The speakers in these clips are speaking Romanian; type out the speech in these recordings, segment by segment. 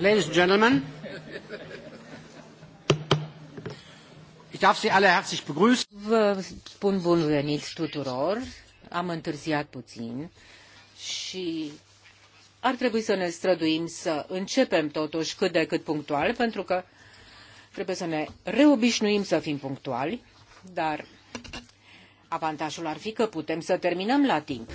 Ladies and gentlemen, ich darf Sie alle herzlich begrüßen. Vă spun bun venit tuturor. Am întârziat puțin și ar trebui să ne străduim să începem totuși cât de cât punctual, pentru că trebuie să ne reobișnuim să fim punctuali, dar avantajul ar fi că putem să terminăm la timp.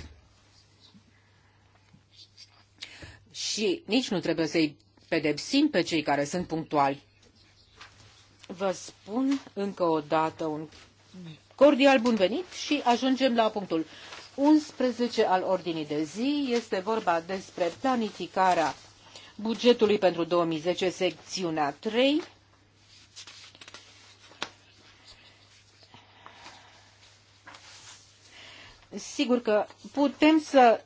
Și nici nu trebuie să-i pedepsim pe cei care sunt punctuali. Vă spun încă o dată un cordial bun venit și ajungem la punctul 11 al ordinii de zi. Este vorba despre planificarea bugetului pentru 2010, secțiunea 3. Sigur că putem să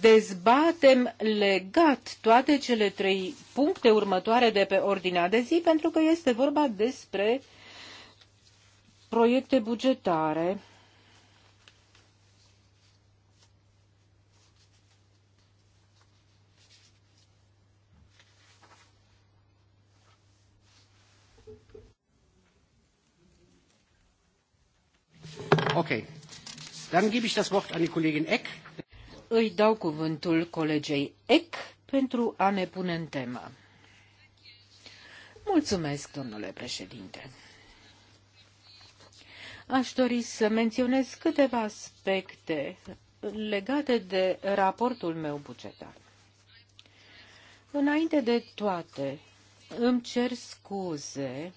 dezbatem legat toate cele trei puncte următoare de pe ordinea de zi, pentru că este vorba despre proiecte bugetare. Okay. Dann gebe ich das Wort an die Kollegin Eck îi dau cuvântul colegei Eck pentru a ne pune în temă. Mulțumesc, domnule președinte. Aș dori să menționez câteva aspecte legate de raportul meu bugetar. Înainte de toate, îmi cer scuze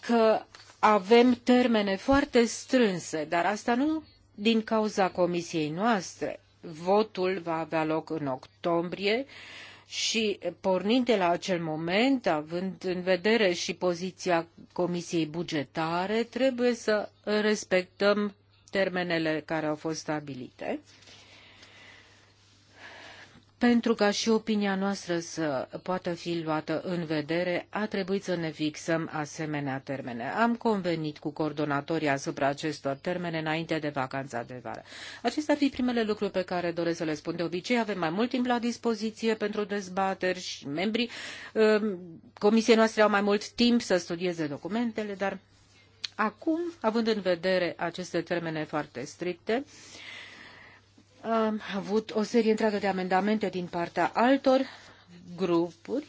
că avem termene foarte strânse, dar asta nu din cauza comisiei noastre. Votul va avea loc în octombrie și pornind de la acel moment, având în vedere și poziția Comisiei Bugetare, trebuie să respectăm termenele care au fost stabilite. Pentru ca și opinia noastră să poată fi luată în vedere, a trebuit să ne fixăm asemenea termene. Am convenit cu coordonatorii asupra acestor termene înainte de vacanța de vară. Acestea ar fi primele lucruri pe care doresc să le spun. De obicei avem mai mult timp la dispoziție pentru dezbateri și membrii um, comisiei noastre au mai mult timp să studieze documentele, dar acum, având în vedere aceste termene foarte stricte, am avut o serie întreagă de amendamente din partea altor grupuri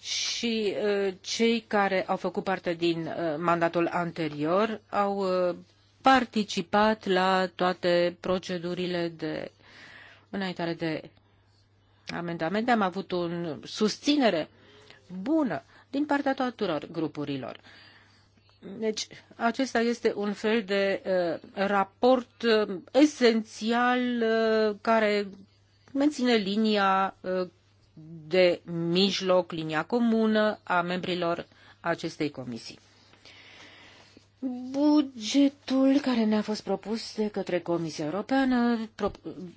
și uh, cei care au făcut parte din uh, mandatul anterior au uh, participat la toate procedurile de înaintare de amendamente. Am avut o susținere bună din partea tuturor grupurilor. Deci, acesta este un fel de uh, raport uh, esențial uh, care menține linia uh, de mijloc, linia comună a membrilor acestei comisii. Bugetul care ne-a fost propus de către Comisia Europeană pro-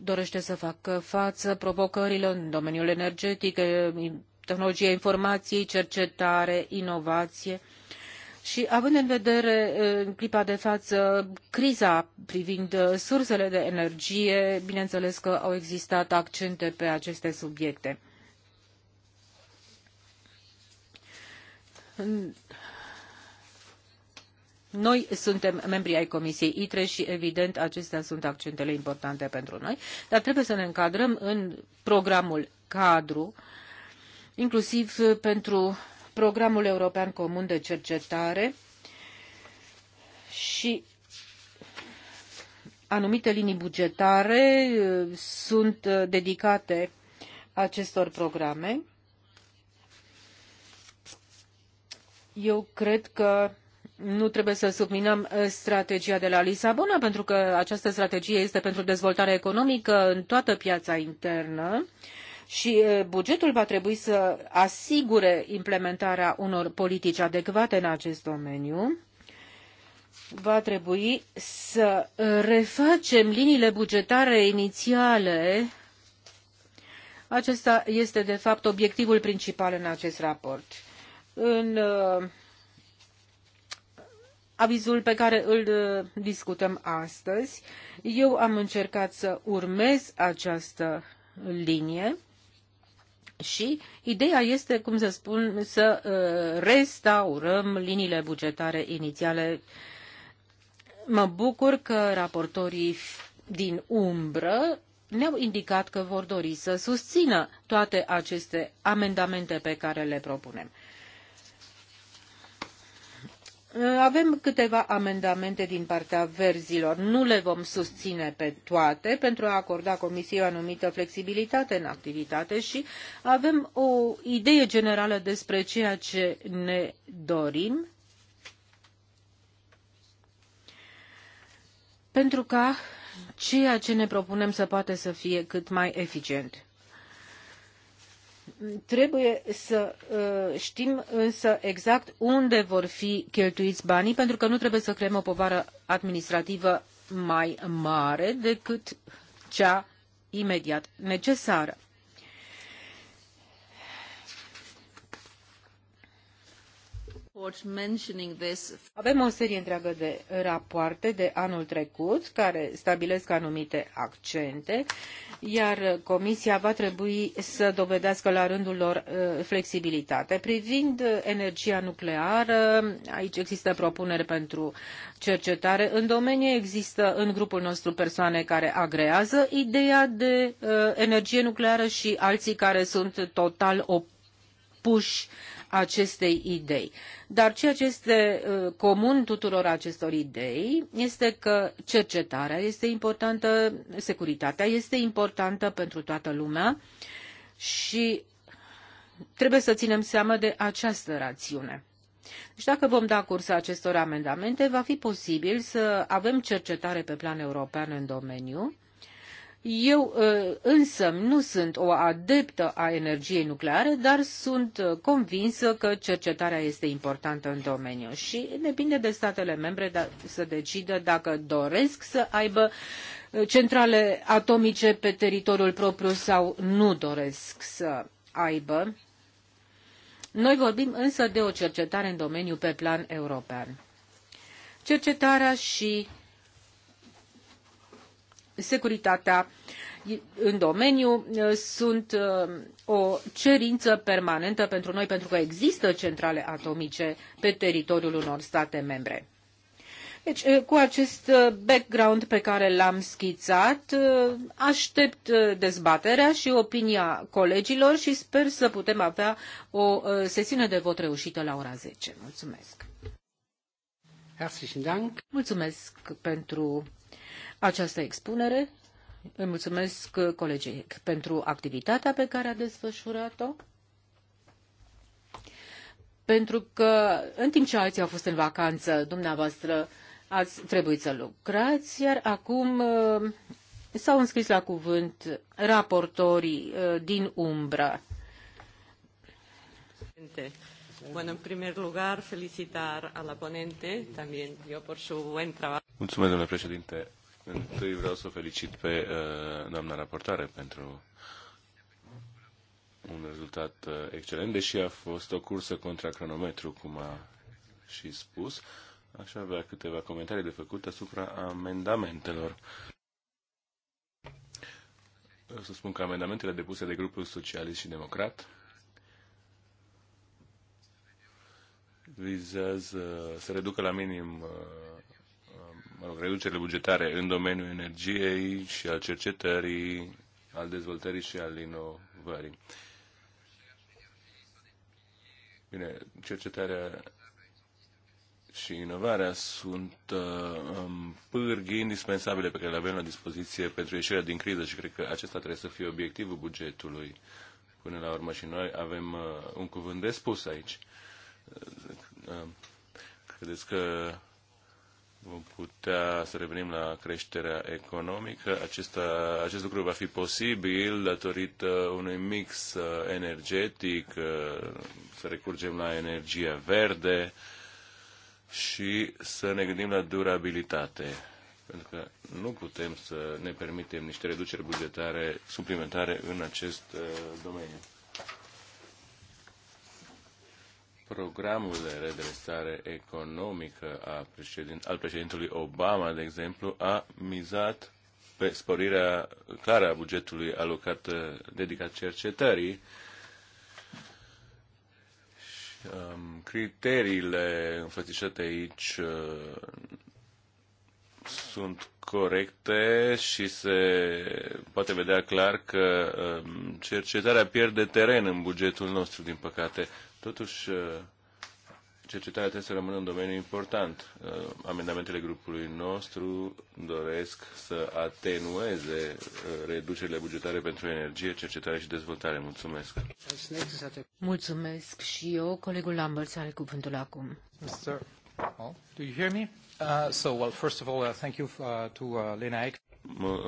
dorește să facă față provocărilor în domeniul energetic, tehnologia informației, cercetare, inovație și având în vedere în clipa de față criza privind uh, sursele de energie, bineînțeles că au existat accente pe aceste subiecte. Noi suntem membri ai Comisiei ITRE și, evident, acestea sunt accentele importante pentru noi, dar trebuie să ne încadrăm în programul cadru, inclusiv pentru programul european comun de cercetare și anumite linii bugetare uh, sunt uh, dedicate acestor programe. Eu cred că nu trebuie să subminăm uh, strategia de la Lisabona, pentru că această strategie este pentru dezvoltarea economică în toată piața internă. Uh, și bugetul va trebui să asigure implementarea unor politici adecvate în acest domeniu va trebui să refacem liniile bugetare inițiale. Acesta este, de fapt, obiectivul principal în acest raport. În avizul pe care îl discutăm astăzi, eu am încercat să urmez această linie și ideea este, cum să spun, să uh, restaurăm liniile bugetare inițiale. Mă bucur că raportorii din umbră ne-au indicat că vor dori să susțină toate aceste amendamente pe care le propunem. Avem câteva amendamente din partea verzilor. Nu le vom susține pe toate pentru a acorda Comisiei o anumită flexibilitate în activitate și avem o idee generală despre ceea ce ne dorim pentru ca ceea ce ne propunem să poată să fie cât mai eficient. Trebuie să uh, știm însă exact unde vor fi cheltuiți banii, pentru că nu trebuie să creăm o povară administrativă mai mare decât cea imediat necesară. Avem o serie întreagă de rapoarte de anul trecut care stabilesc anumite accente, iar Comisia va trebui să dovedească la rândul lor uh, flexibilitate. Privind energia nucleară, aici există propuneri pentru cercetare. În domeniu există în grupul nostru persoane care agrează ideea de uh, energie nucleară și alții care sunt total opuși acestei idei. Dar ceea ce este uh, comun tuturor acestor idei este că cercetarea este importantă, securitatea este importantă pentru toată lumea și trebuie să ținem seama de această rațiune. Deci dacă vom da curs acestor amendamente, va fi posibil să avem cercetare pe plan european în domeniu, eu uh, însă nu sunt o adeptă a energiei nucleare, dar sunt uh, convinsă că cercetarea este importantă în domeniu și depinde de statele membre da, să decidă dacă doresc să aibă uh, centrale atomice pe teritoriul propriu sau nu doresc să aibă. Noi vorbim însă de o cercetare în domeniu pe plan european. Cercetarea și securitatea în domeniu sunt uh, o cerință permanentă pentru noi, pentru că există centrale atomice pe teritoriul unor state membre. Deci, uh, cu acest uh, background pe care l-am schițat, aștept dezbaterea și opinia colegilor și sper să putem avea o sesiune de vot reușită la ora 10. Mulțumesc! Mulțumesc pentru această expunere. Îi mulțumesc colegii pentru activitatea pe care a desfășurat-o pentru că în timp ce alții au fost în vacanță, dumneavoastră ați trebuit să lucrați, iar acum eh, s-au înscris la cuvânt raportorii eh, din umbră. Bueno, în primer lugar, felicitar a la ponente, también yo por su buen trabajo. Mulțumesc, domnule președinte. Întâi vreau să o felicit pe uh, doamna raportare pentru un rezultat uh, excelent, deși a fost o cursă contra cronometru, cum a și spus. Aș avea câteva comentarii de făcut asupra amendamentelor. Vreau să spun că amendamentele depuse de grupul socialist și democrat vizează să reducă la minim uh, mă rog, reducerile bugetare în domeniul energiei și al cercetării, al dezvoltării și al inovării. Bine, cercetarea și inovarea sunt uh, um, pârghi indispensabile pe care le avem la dispoziție pentru ieșirea din criză și cred că acesta trebuie să fie obiectivul bugetului până la urmă și noi avem uh, un cuvânt de spus aici. Uh, uh credeți că vom putea să revenim la creșterea economică. Acesta, acest lucru va fi posibil datorită unui mix uh, energetic, uh, să recurgem la energie verde și să ne gândim la durabilitate. Pentru că nu putem să ne permitem niște reduceri bugetare suplimentare în acest uh, domeniu. programul de redresare economică a președin, al președintelui Obama, de exemplu, a mizat pe sporirea clară a bugetului alocat uh, dedicat cercetării um, criteriile înfățișate aici uh, sunt corecte și se poate vedea clar că um, cercetarea pierde teren în bugetul nostru, din păcate. Totuși, uh, cercetarea trebuie să rămână un domeniu important. Uh, amendamentele grupului nostru doresc să atenueze uh, reducerile bugetare pentru energie, cercetare și dezvoltare. Mulțumesc! Mulțumesc și eu. Colegul Lambert are cuvântul acum. Mr. Oh, do you hear me? Uh, so, well, first of all, uh, thank you uh, to uh, Lena Eich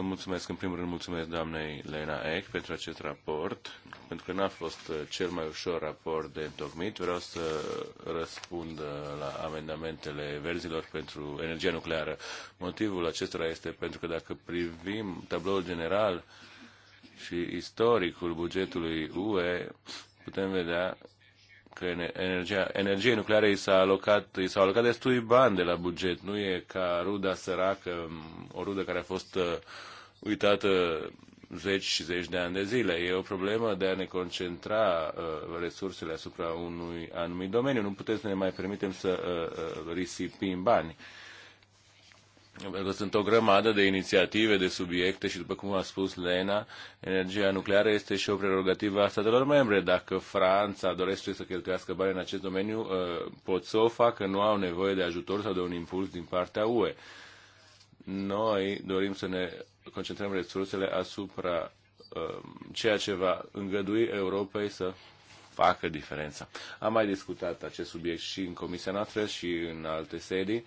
mulțumesc, în primul rând, mulțumesc doamnei Lena Eck pentru acest raport, pentru că n-a fost uh, cel mai ușor raport de întocmit. Vreau să răspund uh, la amendamentele verzilor pentru energia nucleară. Motivul acestora este pentru că dacă privim tabloul general și istoricul bugetului UE, putem vedea că energia, energiei nucleară i s-a alocat, i s-au alocat destui bani de la buget. Nu e ca ruda săracă, o rudă care a fost uh, uitată zeci și zeci de ani de zile. E o problemă de a ne concentra uh, resursele asupra unui anumit domeniu. Nu putem să ne mai permitem să uh, uh, risipim bani. Uh, pentru că sunt o grămadă de inițiative, de subiecte și, după cum a spus Lena, energia nucleară este și o prerogativă a statelor membre. Dacă Franța dorește să cheltuiască bani în acest domeniu, uh, pot să o facă, nu au nevoie de ajutor sau de un impuls din partea UE. Noi dorim să ne concentrăm resursele asupra um, ceea ce va îngădui Europei să facă diferența. Am mai discutat acest subiect și în comisia noastră și în alte sedii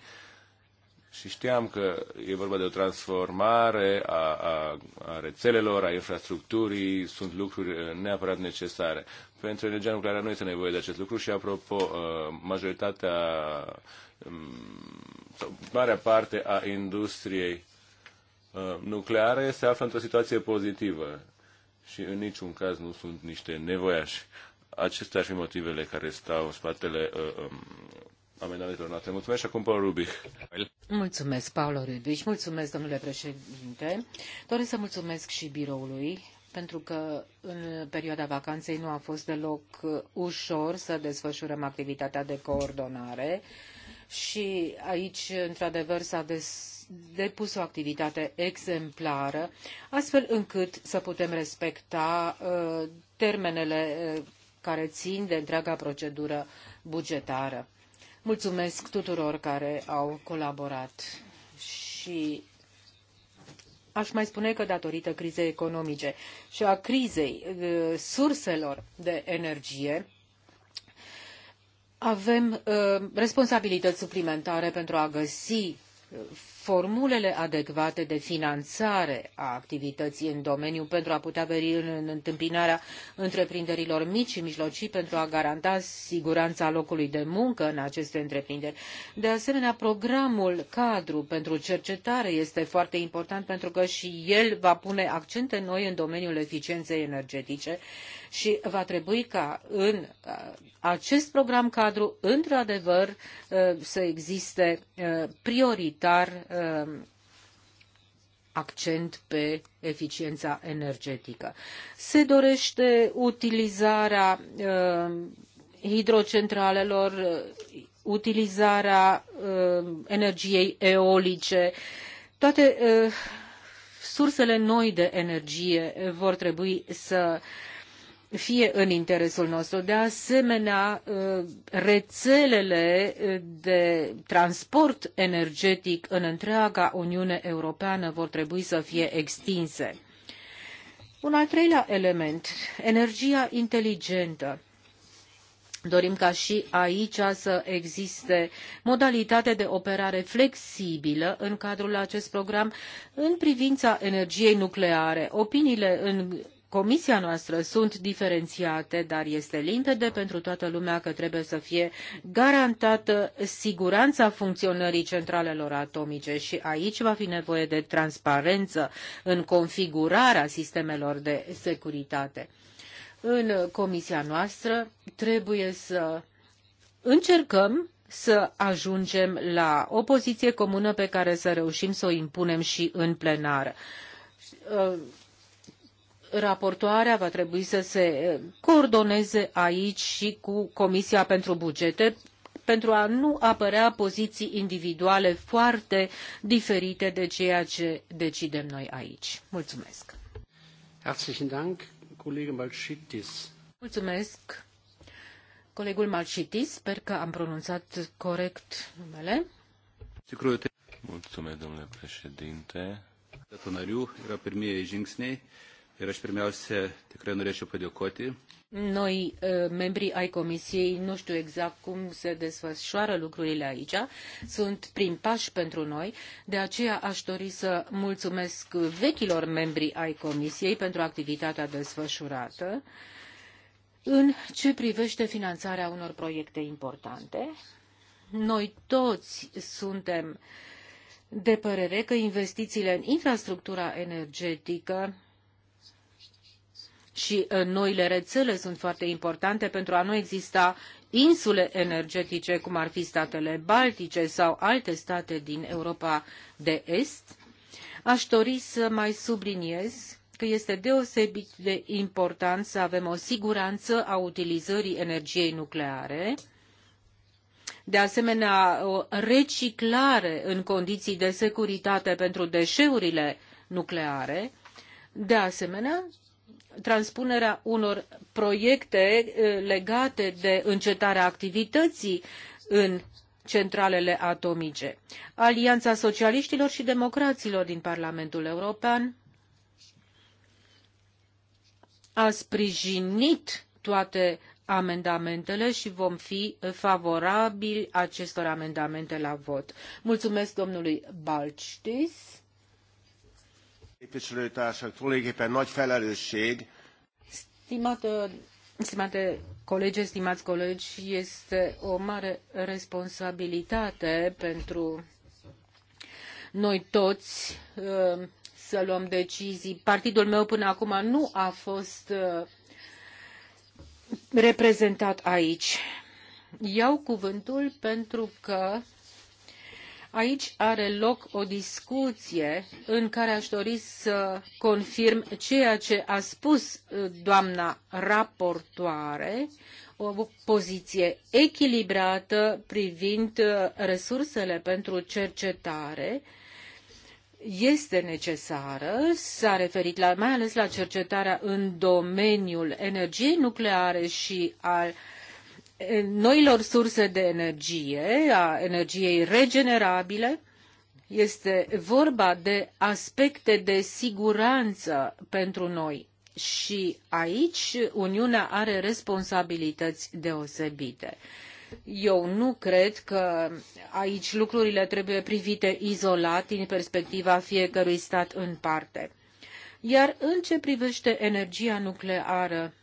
și știam că e vorba de o transformare a, a, a rețelelor, a infrastructurii, sunt lucruri uh, neapărat necesare. Pentru energia nucleară nu este nevoie de acest lucru și, apropo, uh, majoritatea, um, marea parte a industriei uh, nucleare se află într-o situație pozitivă și în niciun caz nu sunt niște nevoiași. Acestea ar fi motivele care stau în spatele uh, um, amendamentelor noastre. Mulțumesc și acum Paul Rubic. Mulțumesc, Paolo Rubic. Mulțumesc, domnule președinte. Doresc să mulțumesc și biroului pentru că în perioada vacanței nu a fost deloc uh, ușor să desfășurăm activitatea de coordonare și aici, într-adevăr, s-a depus o activitate exemplară, astfel încât să putem respecta uh, termenele uh, care țin de întreaga procedură bugetară. Mulțumesc tuturor care au colaborat și aș mai spune că datorită crizei economice și a crizei uh, surselor de energie, avem uh, responsabilități suplimentare pentru a găsi uh, formulele adecvate de finanțare a activității în domeniu pentru a putea veni în întâmpinarea întreprinderilor mici și mijlocii pentru a garanta siguranța locului de muncă în aceste întreprinderi. De asemenea, programul cadru pentru cercetare este foarte important pentru că și el va pune accente noi în domeniul eficienței energetice și va trebui ca în uh, acest program cadru, într-adevăr, uh, să existe uh, prioritar Um, accent pe eficiența energetică. Se dorește utilizarea um, hidrocentralelor, uh, utilizarea um, energiei eolice, toate uh, sursele noi de energie vor trebui să uh, fie în interesul nostru. De asemenea, uh, rețelele uh, de transport energetic în întreaga Uniune Europeană vor trebui să fie extinse. Un al treilea element, energia inteligentă. Dorim ca și aici să existe modalitate de operare flexibilă în cadrul acest program în privința energiei nucleare. Opiniile în comisia noastră sunt diferențiate, dar este limpede pentru toată lumea că trebuie să fie garantată siguranța funcționării centralelor atomice și aici va fi nevoie de transparență în configurarea sistemelor de securitate. În comisia noastră trebuie să încercăm să ajungem la o poziție comună pe care să reușim să o impunem și în plenară raportoarea va trebui să se coordoneze aici și cu Comisia pentru Bugete pentru a nu apărea poziții individuale foarte diferite de ceea ce decidem noi aici. Mulțumesc! Herzlichen Dank, Kollege Malchitis. Mulțumesc, colegul Malchitis. Sper că am pronunțat corect numele. Mulțumesc, domnule președinte. Tonariu, era primie žingsniai Ir aš pirmiausia tikrai norėčiau padėkoti. Noi, membrii ai comisiei, nu știu exact cum se desfășoară lucrurile aici, sunt prim pași pentru noi, de aceea aș dori să mulțumesc vechilor membri ai comisiei pentru activitatea desfășurată în ce privește finanțarea unor proiecte importante. Noi toți suntem de părere că investițiile în infrastructura energetică și uh, noile rețele sunt foarte importante pentru a nu exista insule energetice, cum ar fi statele baltice sau alte state din Europa de Est. Aș dori să mai subliniez că este deosebit de important să avem o siguranță a utilizării energiei nucleare, de asemenea o reciclare în condiții de securitate pentru deșeurile nucleare, de asemenea transpunerea unor proiecte eh, legate de încetarea activității în centralele atomice. Alianța Socialiștilor și Democraților din Parlamentul European a sprijinit toate amendamentele și vom fi favorabili acestor amendamente la vot. Mulțumesc domnului Balcitis. Képviselőtársak, tulajdonképpen nagy felelősség. Stimată, stimate colegi, stimați colegi, este o mare responsabilitate pentru noi toți uh, să luăm decizii. Partidul meu până acum nu a fost uh, reprezentat aici. Iau cuvântul pentru că Aici are loc o discuție în care aș dori să confirm ceea ce a spus uh, doamna raportoare, o poziție echilibrată privind uh, resursele pentru cercetare este necesară, s-a referit la, mai ales la cercetarea în domeniul energiei nucleare și al noilor surse de energie, a energiei regenerabile. Este vorba de aspecte de siguranță pentru noi și aici Uniunea are responsabilități deosebite. Eu nu cred că aici lucrurile trebuie privite izolat din perspectiva fiecărui stat în parte. Iar în ce privește energia nucleară,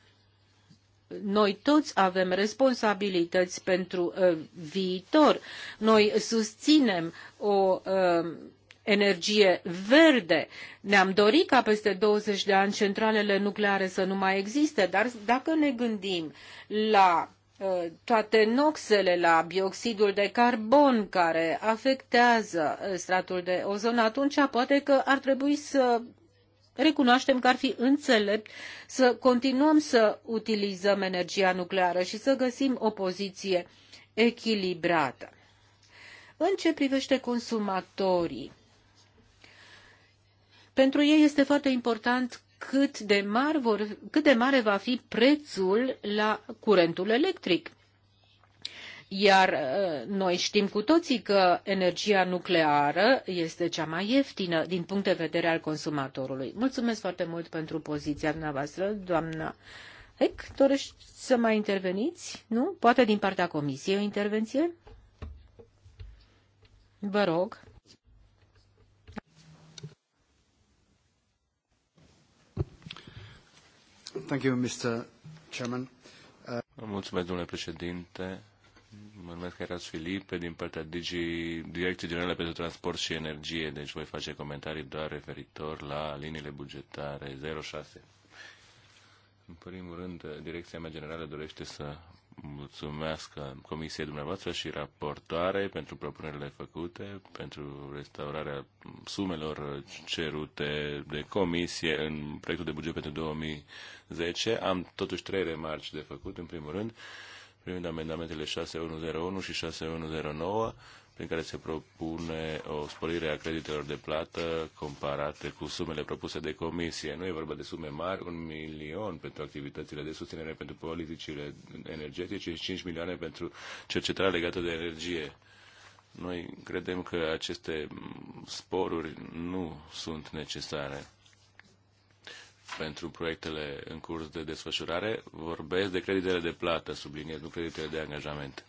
noi toți avem responsabilități pentru uh, viitor. Noi susținem o uh, energie verde. Ne-am dorit ca peste 20 de ani centralele nucleare să nu mai existe, dar dacă ne gândim la uh, toate noxele la bioxidul de carbon care afectează stratul de ozon, atunci poate că ar trebui să recunoaștem că ar fi înțelept să continuăm să utilizăm energia nucleară și să găsim o poziție echilibrată. În ce privește consumatorii, pentru ei este foarte important cât de, mari vor, cât de mare va fi prețul la curentul electric. Iar uh, noi știm cu toții că energia nucleară este cea mai ieftină din punct de vedere al consumatorului. Mulțumesc foarte mult pentru poziția dumneavoastră, doamna Heck. Dorești să mai interveniți? Nu? Poate din partea Comisiei o intervenție? Vă rog. Thank you, Mr. Chairman. Uh... Mulțumesc, domnule președinte. Mă numesc Caras Filipe din partea Digi, Direcției Generale pentru Transport și Energie, deci voi face comentarii doar referitor la liniile bugetare 06. În primul rând, Direcția mea generală dorește să mulțumesc Comisiei dumneavoastră și raportoare pentru propunerile făcute, pentru restaurarea sumelor cerute de Comisie în proiectul de buget pentru 2010. Am totuși trei remarci de făcut. În primul rând, privind amendamentele 6101 și 6109, prin care se propune o sporire a creditelor de plată comparate cu sumele propuse de comisie. Nu e vorba de sume mari, un milion pentru activitățile de susținere pentru politicile energetice și 5 milioane pentru cercetarea legată de energie. Noi credem că aceste sporuri nu sunt necesare pentru proiectele în curs de desfășurare. Vorbesc de creditele de plată, subliniez, nu creditele de angajament.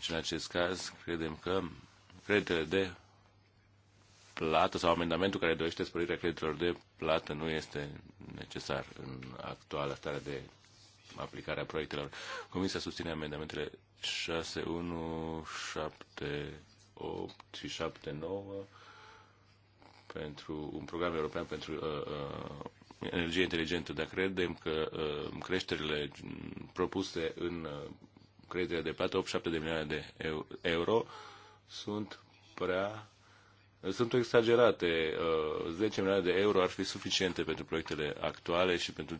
Și în acest caz, credem că creditele de plată sau amendamentul care dorește sporirea creditelor de plată nu este necesar în actuala stare de aplicare a proiectelor. Comisia susține amendamentele 6, 1, 7, 8 și 7, 9 pentru un program european pentru uh, uh, energie inteligentă, dar credem că uh, creșterile propuse în uh, creditele de plată, 87 de milioane de euro, sunt prea sunt exagerate. 10 uh, milioane de euro ar fi suficiente pentru proiectele actuale și pentru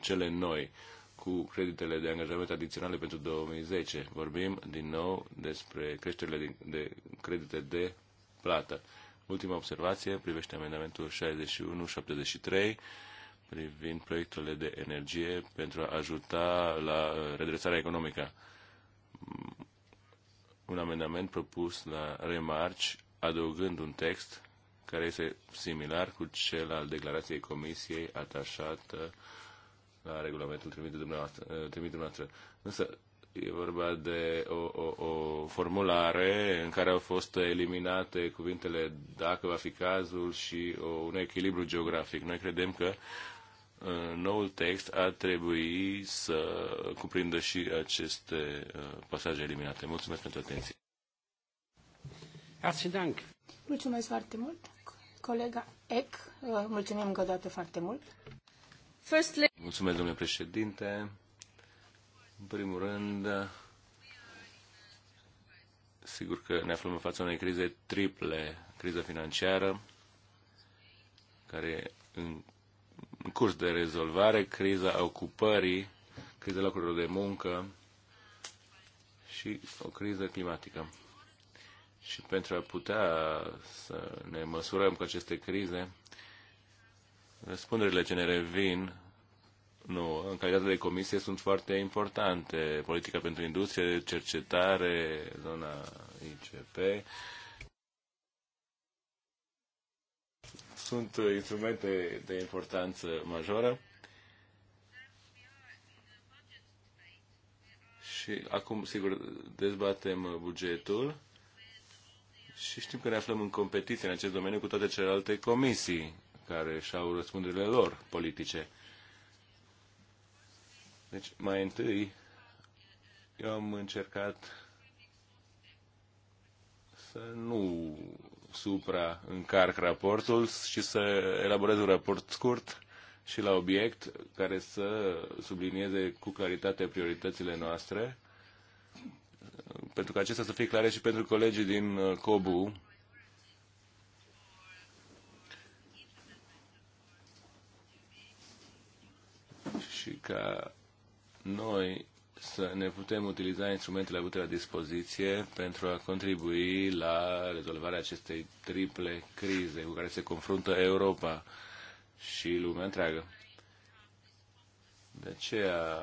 cele noi cu creditele de angajament adiționale pentru 2010. Vorbim din nou despre creșterile de credite de plată. Ultima observație privește amendamentul 61-73 privind proiectele de energie pentru a ajuta la uh, redresarea economică. Mm, un amendament propus la remarci, adăugând un text care este similar cu cel al declarației Comisiei atașată la regulamentul trimit de dumneavoastră. Uh, trimit dumneavoastră. Însă e vorba de o, o, o formulare în care au fost eliminate cuvintele dacă va fi cazul și o, un echilibru geografic. Noi credem că Uh, noul text ar trebui să cuprindă și aceste uh, pasaje eliminate. Mulțumesc pentru atenție. Mulțumesc foarte mult, colega Eck. Uh, mulțumim încă o dată foarte mult. Firstly. Mulțumesc, domnule președinte. În primul rând, sigur că ne aflăm în fața unei crize triple, criză financiară, care în în curs de rezolvare, criza ocupării, criza locurilor de muncă și o criză climatică. Și pentru a putea să ne măsurăm cu aceste crize, răspunderile ce ne revin nu, în calitate de comisie sunt foarte importante. Politica pentru industrie, cercetare, zona ICP, sunt uh, instrumente de importanță majoră. Și acum, sigur, dezbatem uh, bugetul și știm că ne aflăm în competiție în acest domeniu cu toate celelalte comisii care și-au răspunderile lor politice. Deci, mai întâi, eu am încercat să nu supra încarc raportul și să elaborez un raport scurt și la obiect care să sublinieze cu claritate prioritățile noastre, pentru că acestea să fie clare și pentru colegii din uh, COBU, și ca noi să ne putem utiliza instrumentele avute la dispoziție pentru a contribui la rezolvarea acestei triple crize cu care se confruntă Europa și lumea întreagă. De aceea,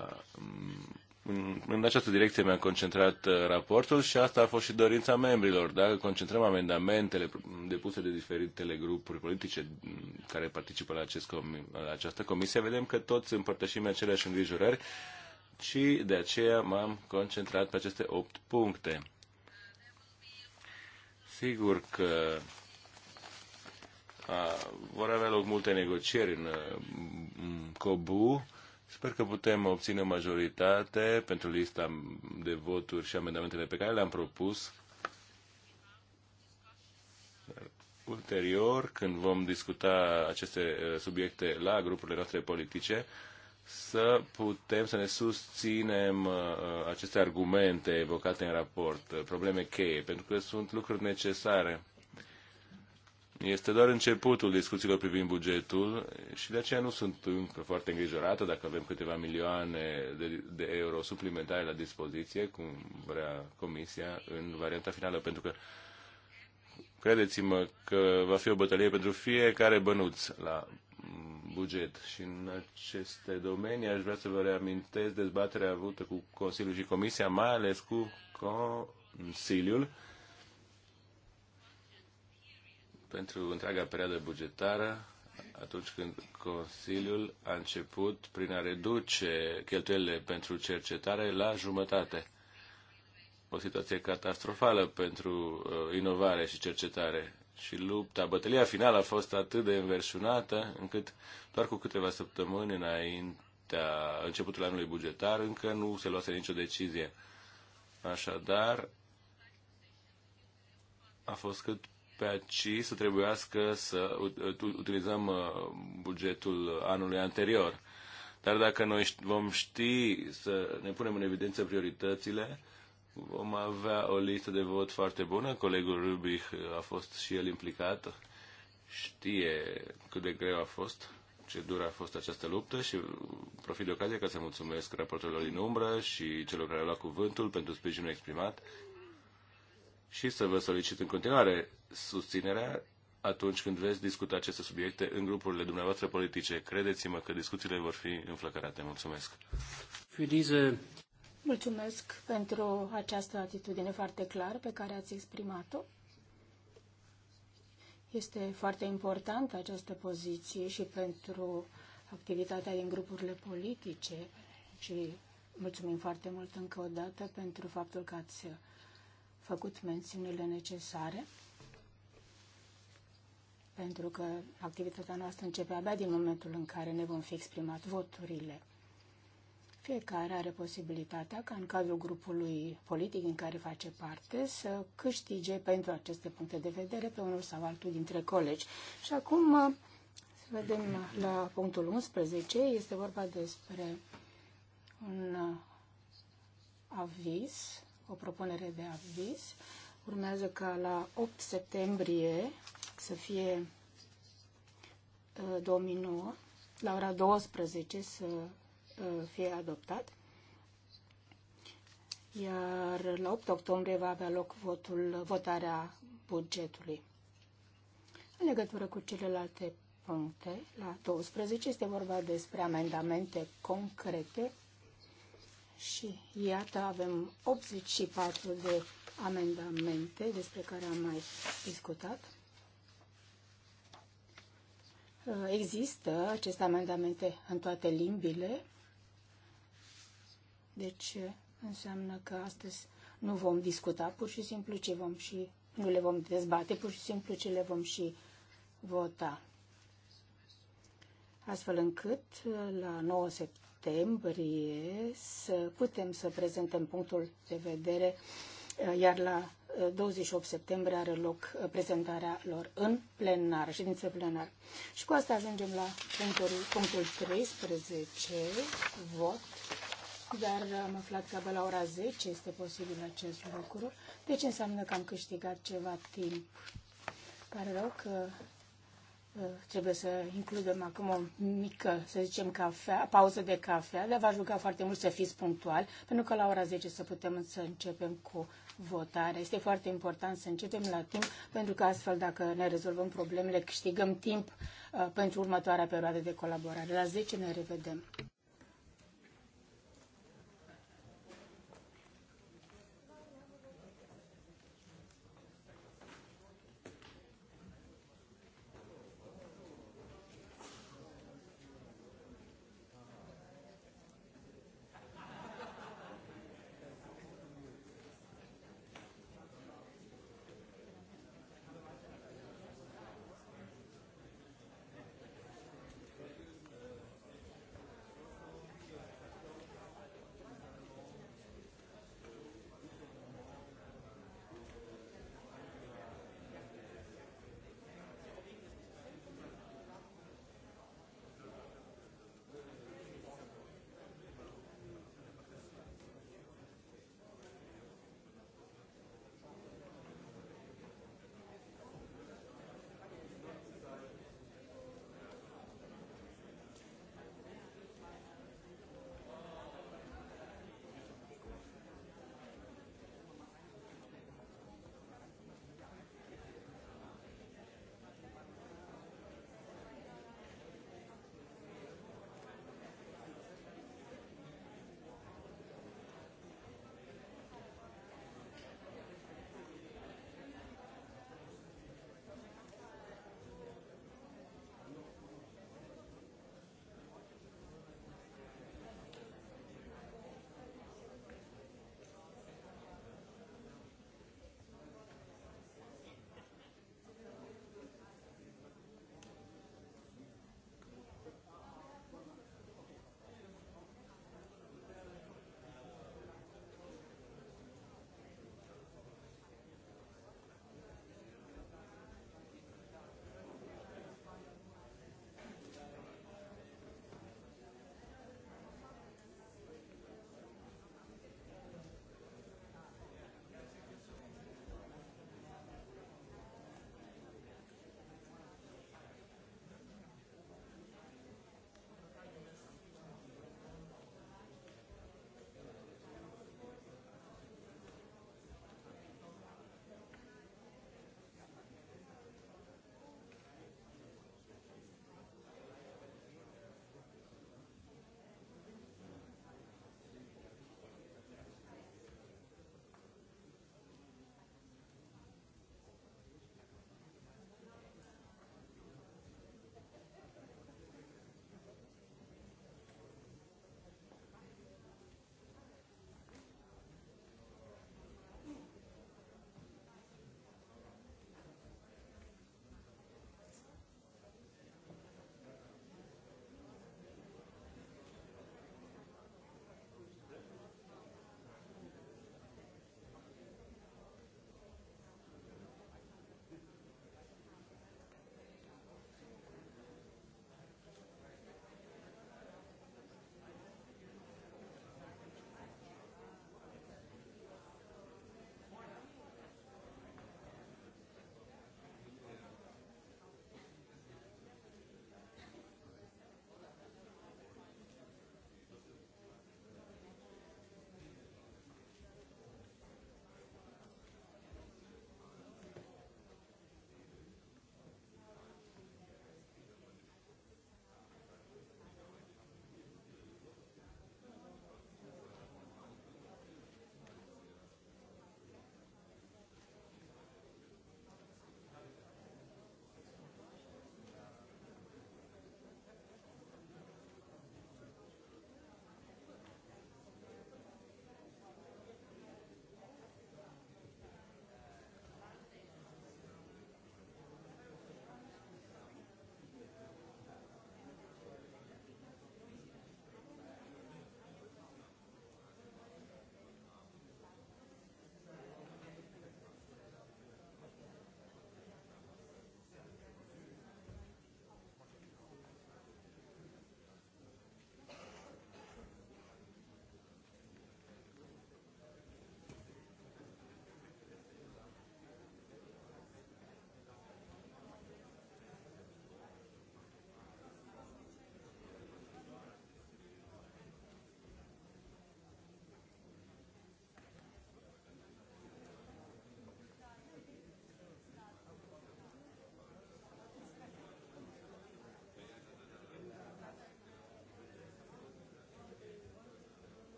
în, această direcție mi-am concentrat uh, raportul și asta a fost și dorința membrilor. Dacă concentrăm amendamentele depuse de diferitele grupuri politice mm, care participă la, acest, la această comisie, vedem că toți împărtășim aceleași îngrijorări și de aceea m-am concentrat pe aceste opt puncte. Sigur că a, vor avea loc multe negocieri în, în COBU. Sper că putem obține majoritate pentru lista de voturi și amendamentele pe care le-am propus. Ulterior, când vom discuta aceste subiecte la grupurile noastre politice, să putem să ne susținem uh, uh, aceste argumente evocate în raport, uh, probleme cheie, pentru că sunt lucruri necesare. Este doar începutul discuțiilor privind bugetul și de aceea nu sunt încă foarte îngrijorată dacă avem câteva milioane de, de euro suplimentare la dispoziție, cum vrea Comisia, în varianta finală, pentru că credeți-mă că va fi o bătălie pentru fiecare bănuț la buget. Și în aceste domenii aș vrea să vă reamintesc dezbaterea avută cu Consiliul și Comisia, mai ales cu Consiliul, pentru întreaga perioadă bugetară, atunci când Consiliul a început prin a reduce cheltuielile pentru cercetare la jumătate. O situație catastrofală pentru uh, inovare și cercetare și lupta, bătălia finală a fost atât de înverșunată încât doar cu câteva săptămâni înaintea începutul anului bugetar încă nu se luase nicio decizie. Așadar, a fost cât pe aici să trebuiască să utilizăm uh, bugetul anului anterior. Dar dacă noi vom ști să ne punem în evidență prioritățile, vom avea o listă de vot foarte bună. Colegul Rubich a fost și el implicat. Știe cât de greu a fost, ce dură a fost această luptă și profit de ocazie ca să mulțumesc raportorilor din umbră și celor care au luat cuvântul pentru sprijinul exprimat și să vă solicit în continuare susținerea atunci când veți discuta aceste subiecte în grupurile dumneavoastră politice. Credeți-mă că discuțiile vor fi înflăcărate. Mulțumesc! Mulțumesc pentru această atitudine foarte clară pe care ați exprimat-o. Este foarte importantă această poziție și pentru activitatea din grupurile politice și mulțumim foarte mult încă o dată pentru faptul că ați făcut mențiunile necesare pentru că activitatea noastră începe abia din momentul în care ne vom fi exprimat voturile. Fiecare are posibilitatea ca în cadrul grupului politic în care face parte să câștige pentru aceste puncte de vedere pe unul sau altul dintre colegi. Și acum să vedem la punctul 11. Este vorba despre un aviz, o propunere de aviz. Urmează ca la 8 septembrie să fie 2009, ă, la ora 12 să fie adoptat. Iar la 8 octombrie va avea loc votul, votarea bugetului. În legătură cu celelalte puncte, la 12 este vorba despre amendamente concrete și iată avem 84 de amendamente despre care am mai discutat. Există aceste amendamente în toate limbile deci înseamnă că astăzi nu vom discuta pur și simplu ce vom și nu le vom dezbate, pur și simplu ce le vom și vota. Astfel încât la 9 septembrie să putem să prezentăm punctul de vedere, iar la 28 septembrie are loc prezentarea lor în plenar, ședință plenar. Și cu asta ajungem la punctul, punctul 13, vot dar am aflat că la ora 10 este posibil acest lucru, deci înseamnă că am câștigat ceva timp. Pare rău că uh, trebuie să includem acum o mică, să zicem, cafea, pauză de cafea, dar v-aș ruga foarte mult să fiți punctual, pentru că la ora 10 să putem să începem cu votarea. Este foarte important să începem la timp, pentru că astfel, dacă ne rezolvăm problemele, câștigăm timp uh, pentru următoarea perioadă de colaborare. La 10 ne revedem!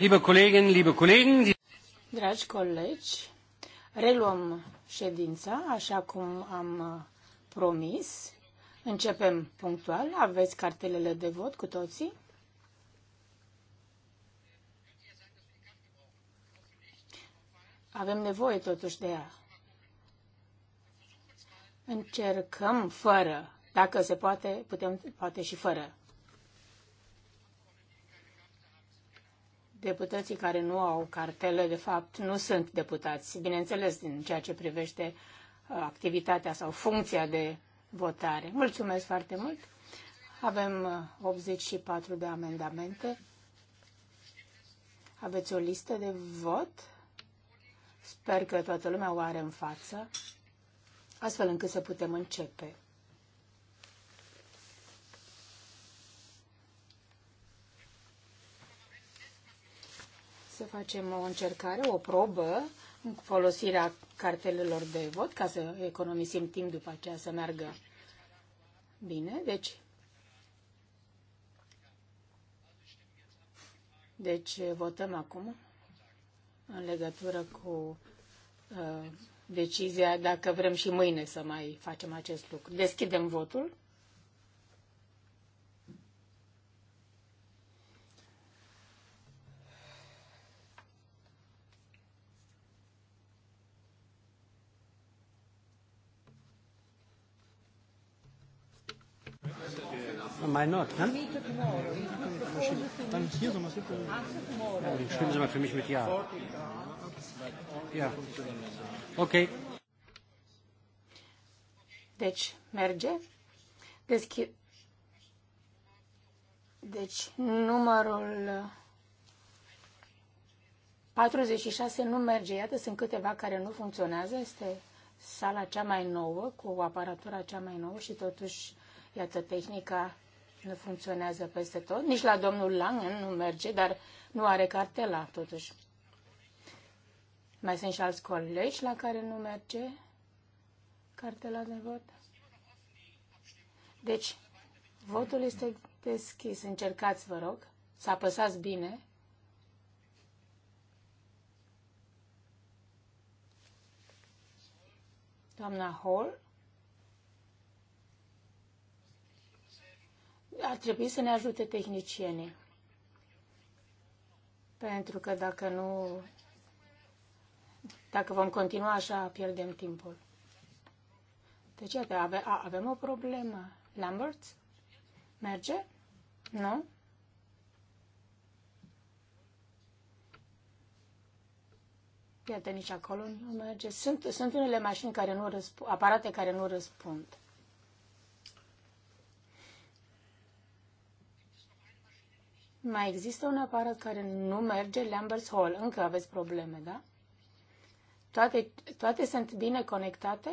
Liebe Kolleginnen, liebe Kollegen, Dragi colegi, reluăm ședința, așa cum am uh, promis. Începem punctual. Aveți cartelele de vot cu toții? Avem nevoie totuși de ea. Încercăm fără dacă se poate, putem poate și fără. Deputații care nu au cartele, de fapt, nu sunt deputați, bineînțeles, din ceea ce privește uh, activitatea sau funcția de votare. Mulțumesc foarte mult! Avem 84 uh, de amendamente. Aveți o listă de vot? Sper că toată lumea o are în față, astfel încât să putem începe. să facem o încercare, o probă în folosirea cartelelor de vot ca să economisim timp după aceea să meargă bine. Deci, deci votăm acum în legătură cu uh, decizia dacă vrem și mâine să mai facem acest lucru. Deschidem votul. Why not? Ne? Dann hier so, Sie mal für mich mit Ja. Ja. Okay. Deci, merge. Deschi... Deci, numărul 46 nu merge. Iată, sunt câteva care nu funcționează. Este sala cea mai nouă, cu aparatura cea mai nouă și totuși, iată, tehnica nu funcționează peste tot. Nici la domnul Langen nu merge, dar nu are cartela, totuși. Mai sunt și alți colegi la care nu merge cartela de vot. Deci, votul este deschis. Încercați, vă rog, să apăsați bine. Doamna Hall ar trebui să ne ajute tehnicienii. Pentru că dacă nu, dacă vom continua așa, pierdem timpul. Deci, iată, ave, a, avem o problemă. Lambert? Merge? Nu? Iată, nici acolo nu merge. Sunt, sunt unele mașini care nu răspund, aparate care nu răspund. Mai există un aparat care nu merge, Lambert's Hall. Încă aveți probleme, da? Toate, toate sunt bine conectate?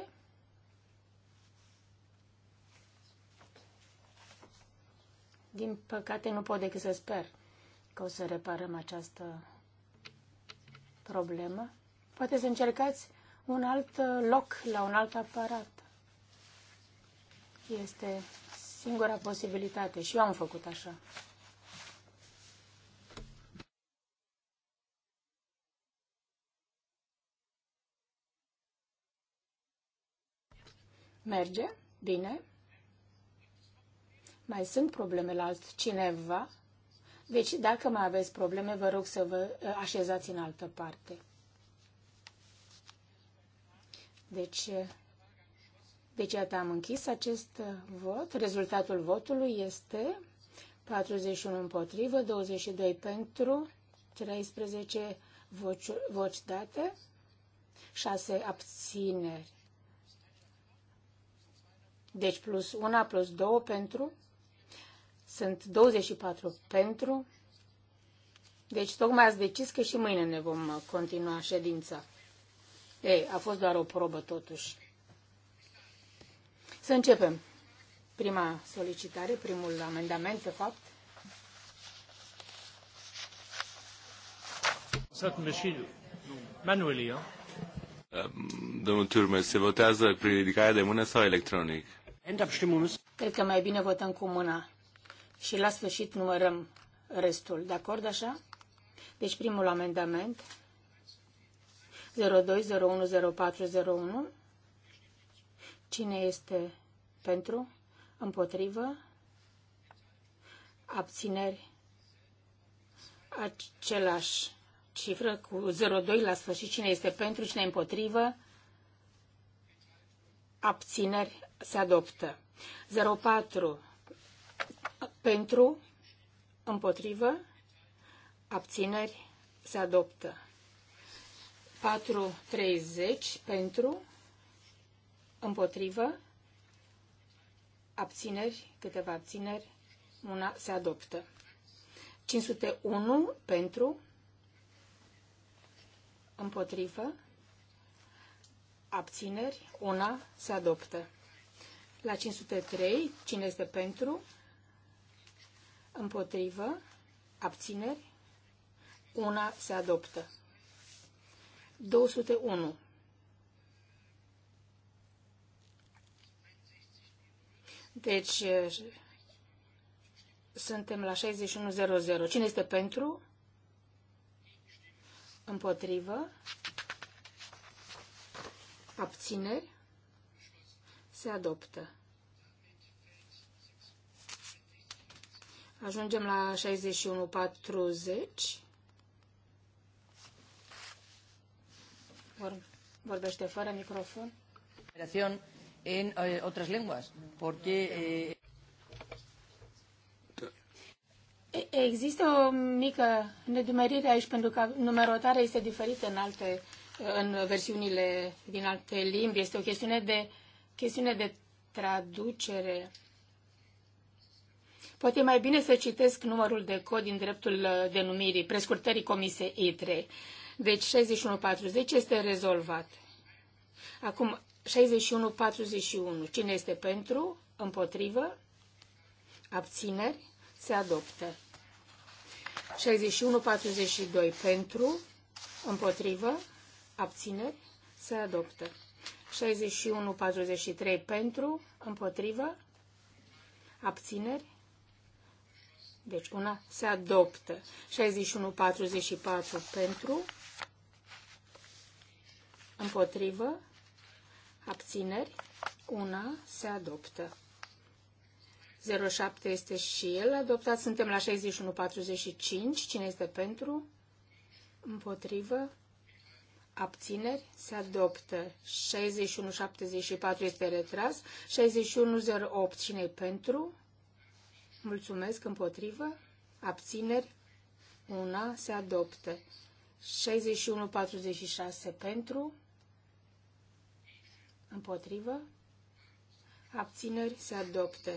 Din păcate nu pot decât să sper că o să reparăm această problemă. Poate să încercați un alt uh, loc la un alt aparat. Este singura posibilitate și eu am făcut așa. Merge? Bine. Mai sunt probleme la altcineva? Deci, dacă mai aveți probleme, vă rog să vă ă, așezați în altă parte. Deci, ă, deci iată, am închis acest ă, vot. Rezultatul votului este 41 împotrivă, 22 pentru, 13 voci, voci date, 6 abțineri. Deci plus 1 plus 2 pentru. Sunt 24 pentru. Deci tocmai ați decis că și mâine ne vom continua ședința. Ei, a fost doar o probă totuși. Să începem. Prima solicitare, primul amendament, de fapt. Domnul Turmes, se votează prin ridicarea de mână sau electronic? Cred că mai bine votăm cu mâna și la sfârșit numărăm restul. De acord așa? Deci primul amendament 02010401 Cine este pentru? Împotrivă? Abțineri? Același cifră cu 02 la sfârșit. Cine este pentru? Cine împotrivă? abțineri, se adoptă. 04 pentru, împotrivă, abțineri, se adoptă. 4.30 pentru, împotrivă, abțineri, câteva abțineri, una se adoptă. 501 pentru, împotrivă, abțineri, una se adoptă. La 503, cine este pentru, împotrivă, abțineri, una se adoptă. 201. Deci, suntem la 6100. Cine este pentru? Împotrivă? Abțineri? Se adoptă. Ajungem la 61.40. vorbește fără microfon. În eh, otras lenguas, porque... Eh, există o mică nedumerire aici, pentru că numerotarea este diferită în alte în versiunile din alte limbi. Este o chestiune de, chestiune de traducere. Poate mai bine să citesc numărul de cod din dreptul uh, denumirii, prescurtării comise E3. Deci 6140 este rezolvat. Acum 6141. Cine este pentru? Împotrivă? Abțineri? Se adoptă. 6142 pentru? Împotrivă? abțineri, se adoptă. 61-43 pentru, împotrivă, abțineri, deci una se adoptă. 61-44 pentru, împotrivă, abțineri, una se adoptă. 07 este și el adoptat. Suntem la 61-45. Cine este pentru? Împotrivă? Abțineri se adoptă. 6174 este retras. 6108 cine pentru? Mulțumesc împotrivă. Abțineri una se adoptă. 6146 pentru. Împotrivă. Abțineri se adoptă.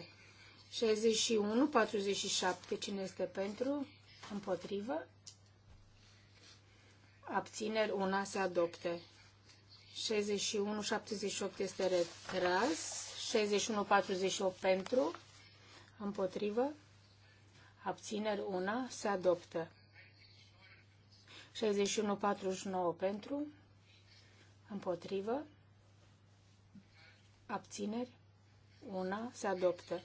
6147 cine este pentru? Împotrivă abțineri, una se adopte. 61, 78 este retras, 61, 48 pentru, împotrivă, abțineri, una se adoptă. 61, 49 pentru, împotrivă, abțineri, una se adoptă.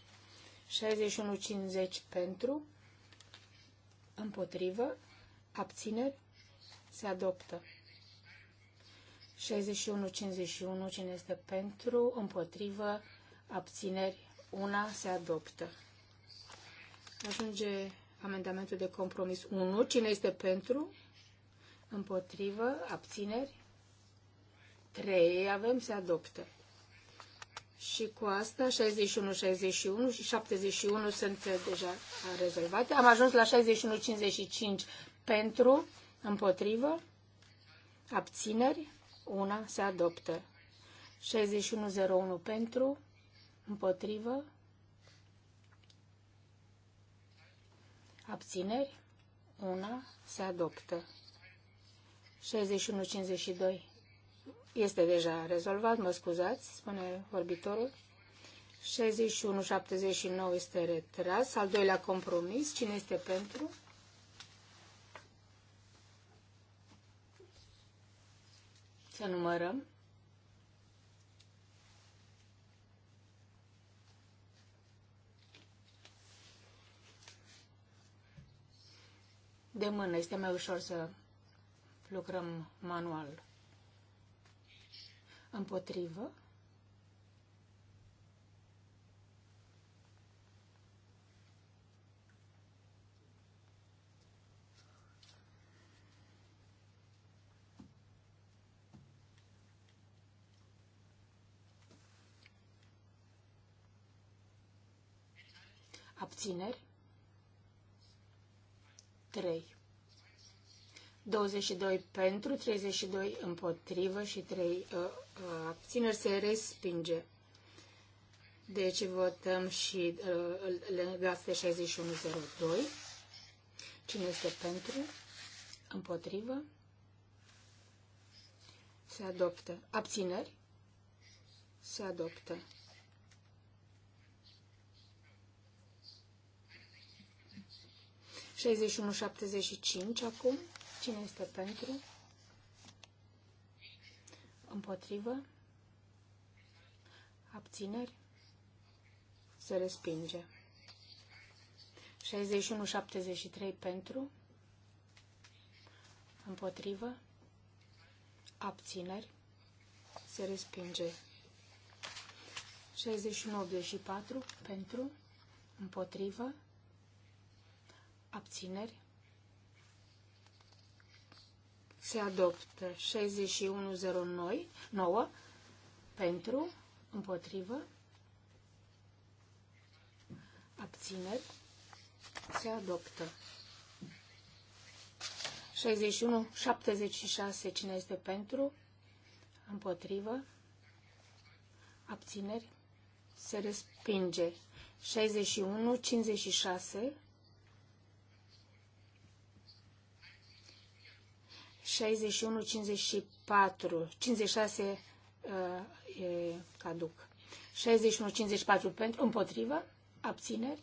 61, 50 pentru, împotrivă, abțineri, se adoptă. 61-51, cine este pentru, împotrivă, abțineri, una se adoptă. Ajunge amendamentul de compromis 1. Cine este pentru? Împotrivă, abțineri? 3 avem, se adoptă. Și cu asta 61, 61 și 71 sunt deja rezolvate. Am ajuns la 61, 55 pentru, Împotrivă? Abțineri? Una se adoptă. 6101 pentru? Împotrivă? Abțineri? Una se adoptă. 6152 este deja rezolvat, mă scuzați, spune vorbitorul. 61-79 este retras. Al doilea compromis, cine este pentru? Să numărăm. De mână este mai ușor să lucrăm manual. Împotrivă. abțineri. 3. 22 pentru, 32 împotrivă și 3 uh, uh, abțineri se respinge. Deci votăm și uh, legat de 6102. Cine este pentru? Împotrivă? Se adoptă. Abțineri? Se adoptă. 61-75 acum. Cine este pentru? Împotrivă? Abțineri? Se respinge. 61-73 pentru? Împotrivă? Abțineri? Se respinge. 61-84 pentru? Împotrivă? abțineri, se adoptă 6109 pentru, împotrivă, abțineri, se adoptă. 6176 cine este pentru, împotrivă, abțineri, se respinge. 61, 56, 61, 54, 56 uh, e caduc. 61, 54 pentru, împotrivă, abțineri.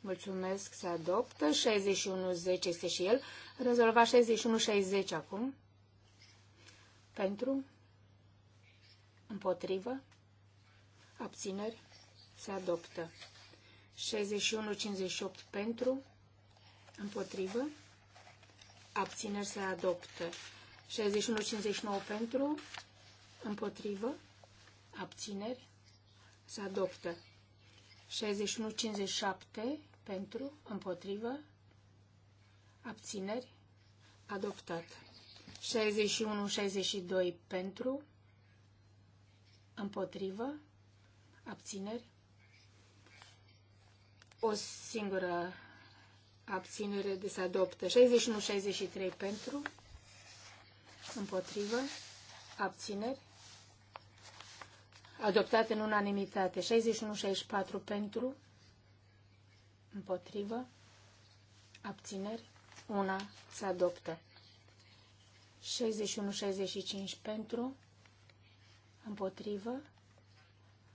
Mulțumesc, se adoptă. 61, 10 este și el. Rezolva 61, 60 acum. Pentru, împotrivă, abțineri, se adoptă. 61, 58 pentru, împotrivă, abțineri se adoptă. 61-59 pentru, împotrivă, abțineri se adoptă. 61-57 pentru, împotrivă, abțineri, adoptat. 61-62 pentru, împotrivă, abțineri, o singură abținere, de se adoptă 61-63 pentru, împotrivă, abțineri, adoptat în unanimitate 61-64 pentru, împotrivă, abțineri, una se adoptă. 61-65 pentru, împotrivă,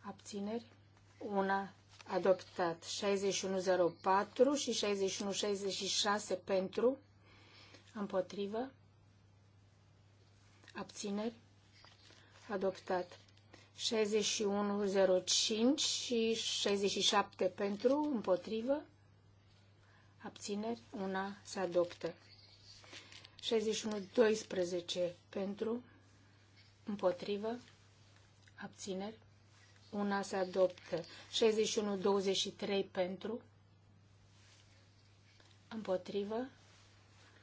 abțineri, una adoptat 6104 și 6166 pentru, împotrivă, abțineri, adoptat 6105 și 67 pentru, împotrivă, abțineri, una se adoptă. 6112 pentru, împotrivă, abțineri, una se adoptă. 61-23 pentru, împotrivă,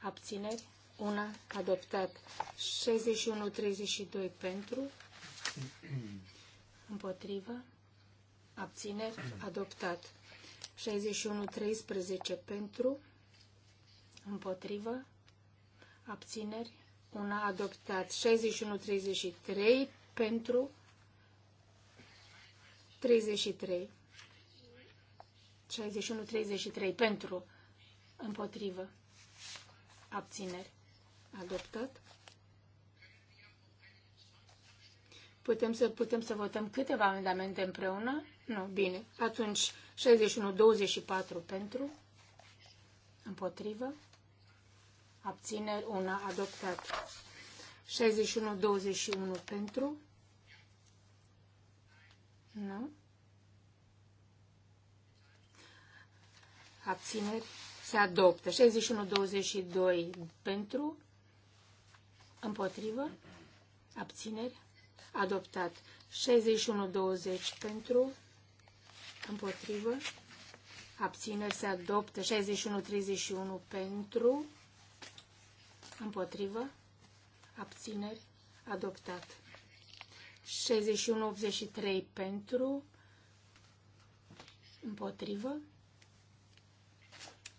abțineri, una adoptat. 61-32 pentru, împotrivă, abțineri, adoptat. 61-13 pentru, împotrivă, abțineri, una adoptat. 61-33 pentru, 33. 61-33 pentru, împotrivă, abțineri, adoptat. Putem să, putem să votăm câteva amendamente împreună? Nu, bine. Atunci 61-24 pentru, împotrivă, abțineri, una adoptat. 61-21 pentru, nu. Abțineri se adoptă. 61-22 pentru, împotrivă, abțineri, adoptat. 61-20 pentru, împotrivă, abțineri se adoptă. 61-31 pentru, împotrivă, abțineri, adoptat. 61-83 pentru, împotrivă,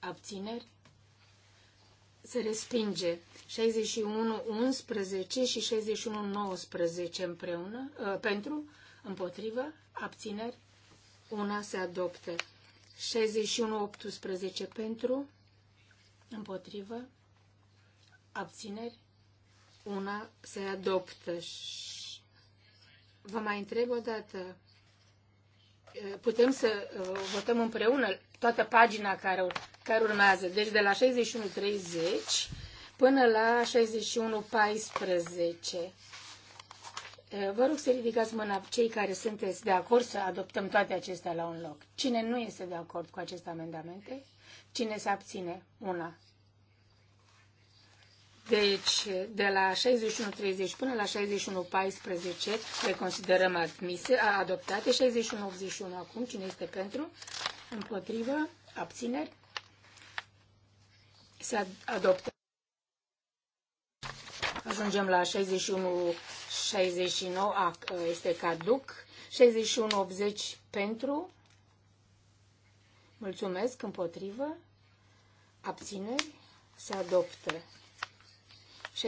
abțineri, se respinge 61-11 și 61-19 împreună, uh, pentru, împotrivă, abțineri, una se adoptă. 61-18 pentru, împotrivă, abțineri, una se adoptă. Vă mai întreb o dată. Putem să votăm împreună toată pagina care, care urmează. Deci de la 61.30 până la 61.14. Vă rog să ridicați mâna cei care sunteți de acord să adoptăm toate acestea la un loc. Cine nu este de acord cu aceste amendamente? Cine se abține? Una. Deci, de la 61.30 până la 61.14 le considerăm admise, adoptate. 61.81 acum, cine este pentru? Împotrivă? Abțineri? Se adoptă. Ajungem la 61.69, este caduc. 61.80 pentru? Mulțumesc, împotrivă? Abțineri? Se adoptă. 61-74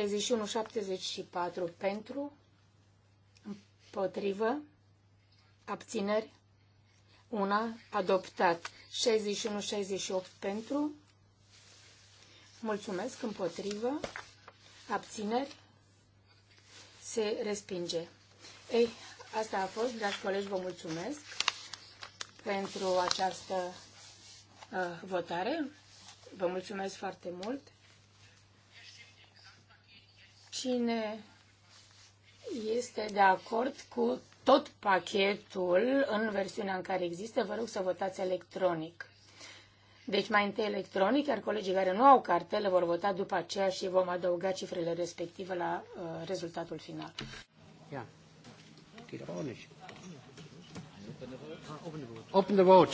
pentru, împotrivă, abțineri, una, adoptat. 61-68 pentru, mulțumesc, împotrivă, abțineri, se respinge. Ei, asta a fost, dragi colegi, vă mulțumesc pentru această uh, votare. Vă mulțumesc foarte mult. Cine este de acord cu tot pachetul în versiunea în care există, vă rog să votați electronic. Deci mai întâi electronic, iar colegii care nu au cartele vor vota după aceea și vom adăuga cifrele respective la uh, rezultatul final. Yeah. Open the vote.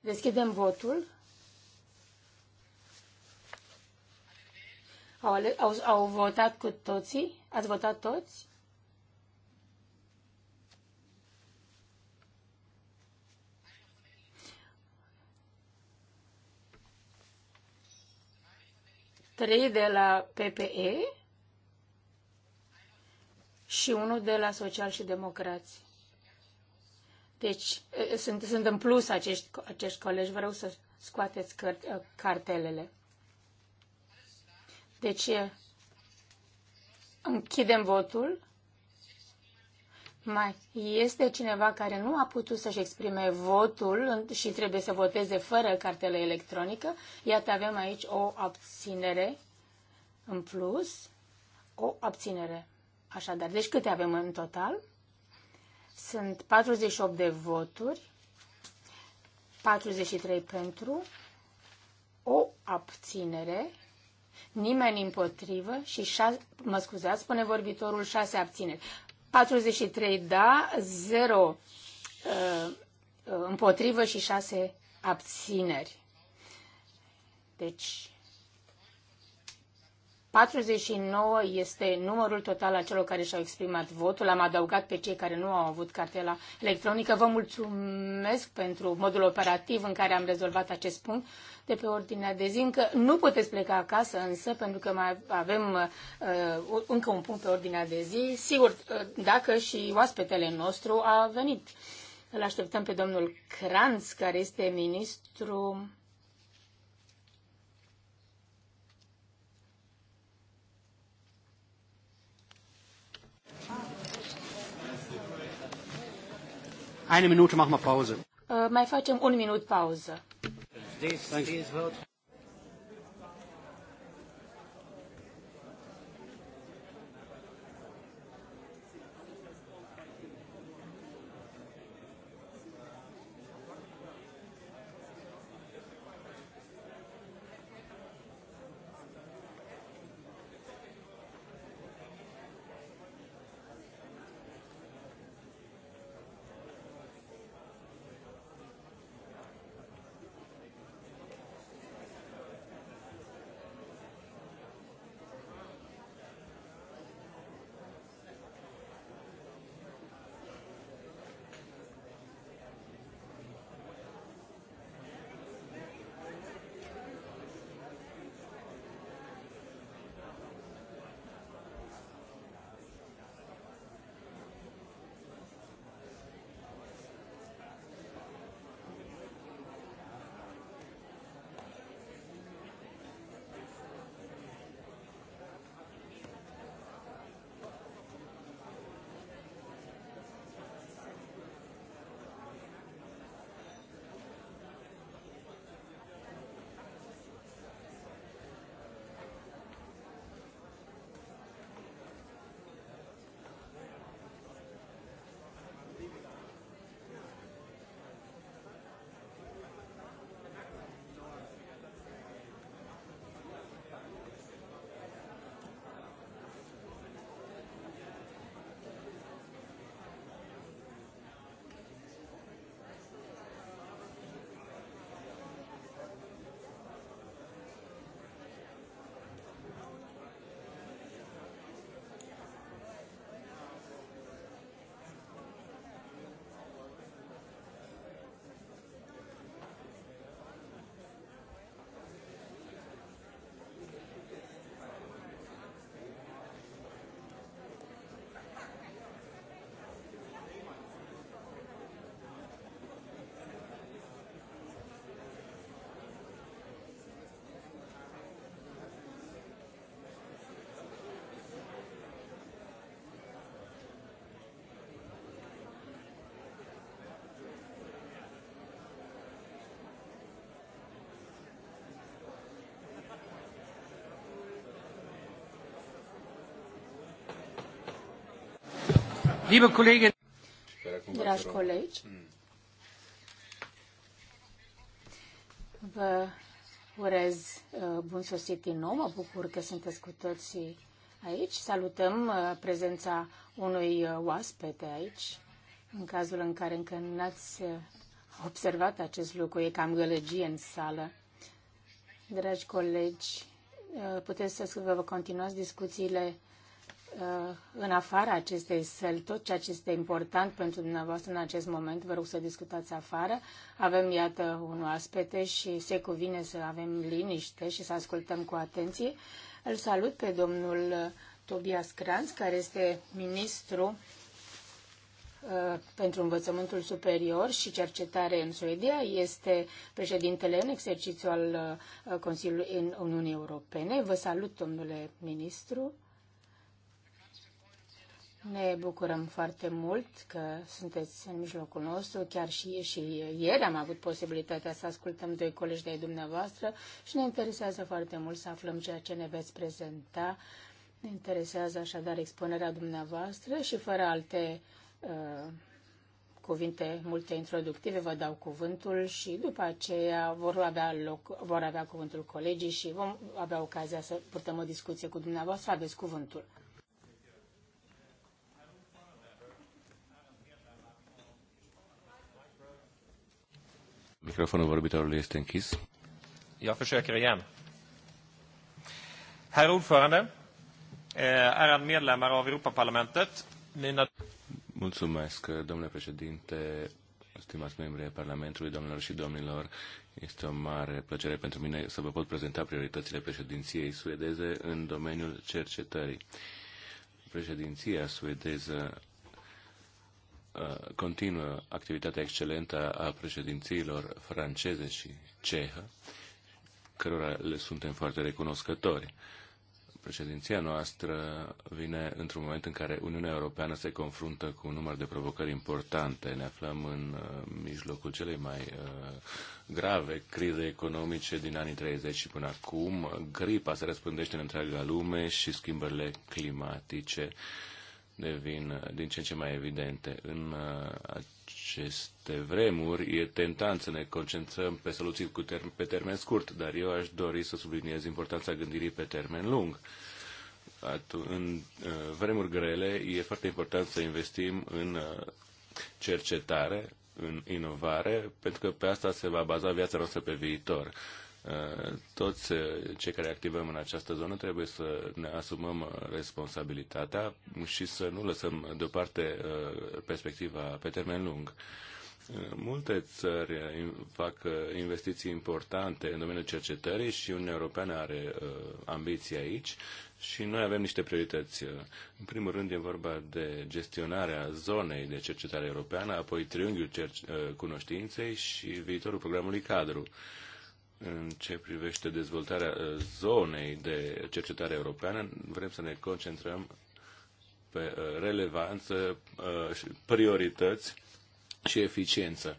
Deschidem votul. Au, ale, au, au votat cu toții? Ați votat toți? Trei de la PPE și unul de la Social și Democrați. Deci sunt, sunt în plus acești, acești colegi. Vreau să scoateți cartelele. Deci închidem votul. Mai este cineva care nu a putut să-și exprime votul și trebuie să voteze fără cartelă electronică. Iată, avem aici o abținere în plus. O abținere. Așadar, deci câte avem în total? Sunt 48 de voturi, 43 pentru, o abținere nimeni împotrivă și șase, mă scuzați, spune vorbitorul șase abțineri. 43 da, 0 uh, uh, împotrivă și șase abțineri. Deci 49 este numărul total al celor care și-au exprimat votul. Am adăugat pe cei care nu au avut cartela electronică. Vă mulțumesc pentru modul operativ în care am rezolvat acest punct de pe ordinea de zi. Încă nu puteți pleca acasă, însă, pentru că mai avem uh, încă un punct pe ordinea de zi. Sigur, uh, dacă și oaspetele nostru a venit. Îl așteptăm pe domnul Kranz, care este ministru Eine Minute machen wir Pause. Äh, mai facem un minut pauză. Dragi colegi, vă urez uh, bun sosit din nou. Mă bucur că sunteți cu toții aici. Salutăm uh, prezența unui uh, oaspete aici, în cazul în care încă n-ați observat acest lucru. E cam gălăgie în sală. Dragi colegi, puteți să vă continuați discuțiile Uh, în afara acestei săli tot ceea ce este important pentru dumneavoastră în acest moment. Vă rog să discutați afară. Avem, iată, un oaspete și se cuvine să avem liniște și să ascultăm cu atenție. Îl salut pe domnul uh, Tobias Kranz, care este ministru uh, pentru învățământul superior și cercetare în Suedia. Este președintele în exercițiu al Consiliului în Uniunii Europene. Vă salut, domnule ministru. Ne bucurăm foarte mult că sunteți în mijlocul nostru. Chiar și, și ieri am avut posibilitatea să ascultăm doi colegi de-ai dumneavoastră și ne interesează foarte mult să aflăm ceea ce ne veți prezenta. Ne interesează așadar expunerea dumneavoastră și fără alte uh, cuvinte multe introductive, vă dau cuvântul și după aceea vor avea, loc, vor avea cuvântul colegii și vom avea ocazia să purtăm o discuție cu dumneavoastră. Aveți cuvântul. Microfonul vorbitorului este închis. Ia försöker igen. Herr ordförande, eh, ärad medlemmar av Europaparlamentet, mina... Mulțumesc, domnule președinte, stimați membri ai Parlamentului, domnilor și domnilor. Este o mare plăcere pentru mine să vă pot prezenta prioritățile președinției suedeze în domeniul cercetării. Președinția suedeză Uh, continuă activitatea excelentă a președințiilor franceze și cehă, cărora le suntem foarte recunoscători. Președinția noastră vine într-un moment în care Uniunea Europeană se confruntă cu un număr de provocări importante. Ne aflăm în uh, mijlocul celei mai uh, grave crize economice din anii 30 și până acum. Gripa se răspândește în întreaga lume și schimbările climatice devin uh, din ce în ce mai evidente. În uh, aceste vremuri e tentant să ne concentrăm pe soluții cu term- pe termen scurt, dar eu aș dori să subliniez importanța gândirii pe termen lung. Atu- în uh, vremuri grele e foarte important să investim în cercetare, în inovare, pentru că pe asta se va baza viața noastră pe viitor toți eh, cei care activăm în această zonă trebuie să ne asumăm eh, responsabilitatea și să nu lăsăm deoparte eh, perspectiva pe termen lung. Multe țări fac investiții importante în domeniul cercetării și Uniunea Europeană are ambiții aici și noi avem niște priorități. În primul rând e vorba de gestionarea zonei de cercetare europeană, apoi triunghiul cunoștinței și viitorul programului cadru în ce privește dezvoltarea uh, zonei de cercetare europeană, vrem să ne concentrăm pe uh, relevanță, uh, priorități și eficiență.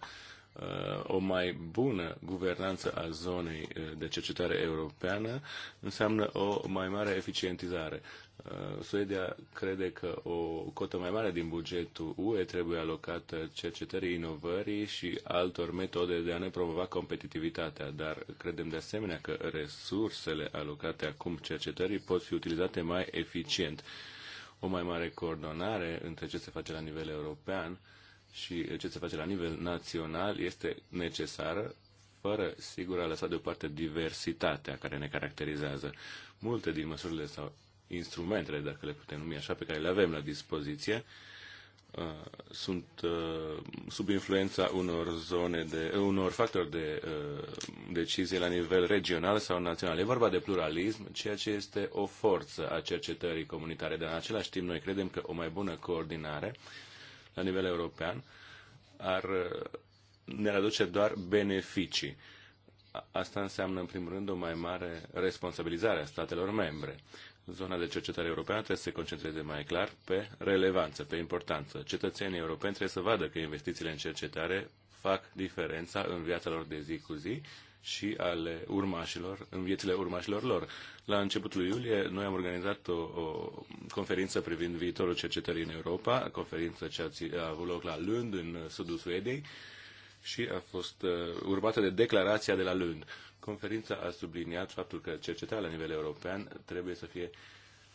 O mai bună guvernanță a zonei de cercetare europeană înseamnă o mai mare eficientizare. Uh, Suedia crede că o cotă mai mare din bugetul UE trebuie alocată cercetării, inovării și altor metode de a ne promova competitivitatea, dar credem de asemenea că resursele alocate acum cercetării pot fi utilizate mai eficient. O mai mare coordonare între ce se face la nivel european și ce se face la nivel național este necesară fără, sigur, a lăsat deoparte diversitatea care ne caracterizează. Multe din măsurile sau instrumentele, dacă le putem numi așa, pe care le avem la dispoziție, uh, sunt uh, sub influența unor zone de, uh, unor factori de decizie la nivel regional sau național. E vorba de pluralism, ceea ce este o forță a cercetării comunitare, dar în același timp noi credem că o mai bună coordinare la nivel european ar, ne aduce doar beneficii. Asta înseamnă, în primul rând, o mai mare responsabilizare a statelor membre zona de cercetare europeană trebuie să se concentreze mai clar pe relevanță, pe importanță. Cetățenii europeni trebuie să vadă că investițiile în cercetare fac diferența în viața lor de zi cu zi și ale urmașilor, în viețile urmașilor lor. La începutul iulie, noi am organizat o, o conferință privind viitorul cercetării în Europa, conferință ce a, a avut loc la Lund, în sudul Suediei, și a fost uh, urmată de declarația de la Lund. Uh, Conferința a subliniat faptul că cercetarea la nivel european trebuie să fie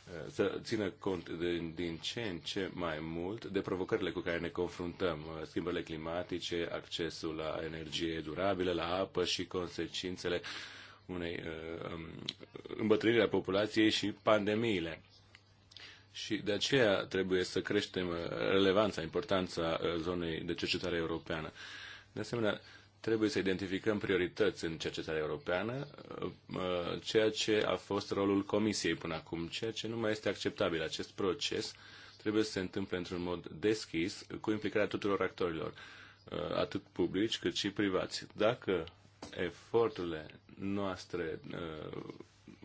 eh, să țină cont de, din ce în ce mai mult de provocările cu care ne confruntăm, eh, schimbările climatice, accesul la energie durabilă, la apă și consecințele unei eh, um, îmbătrâniri a populației și pandemiile. Și de aceea trebuie să creștem relevanța, importanța zonei de cercetare europeană. De asemenea, trebuie să identificăm priorități în cercetarea europeană, uh, ceea ce a fost rolul Comisiei până acum, ceea ce nu mai este acceptabil. Acest proces trebuie să se întâmple într-un mod deschis, cu implicarea tuturor actorilor, uh, atât publici cât și privați. Dacă eforturile noastre, uh,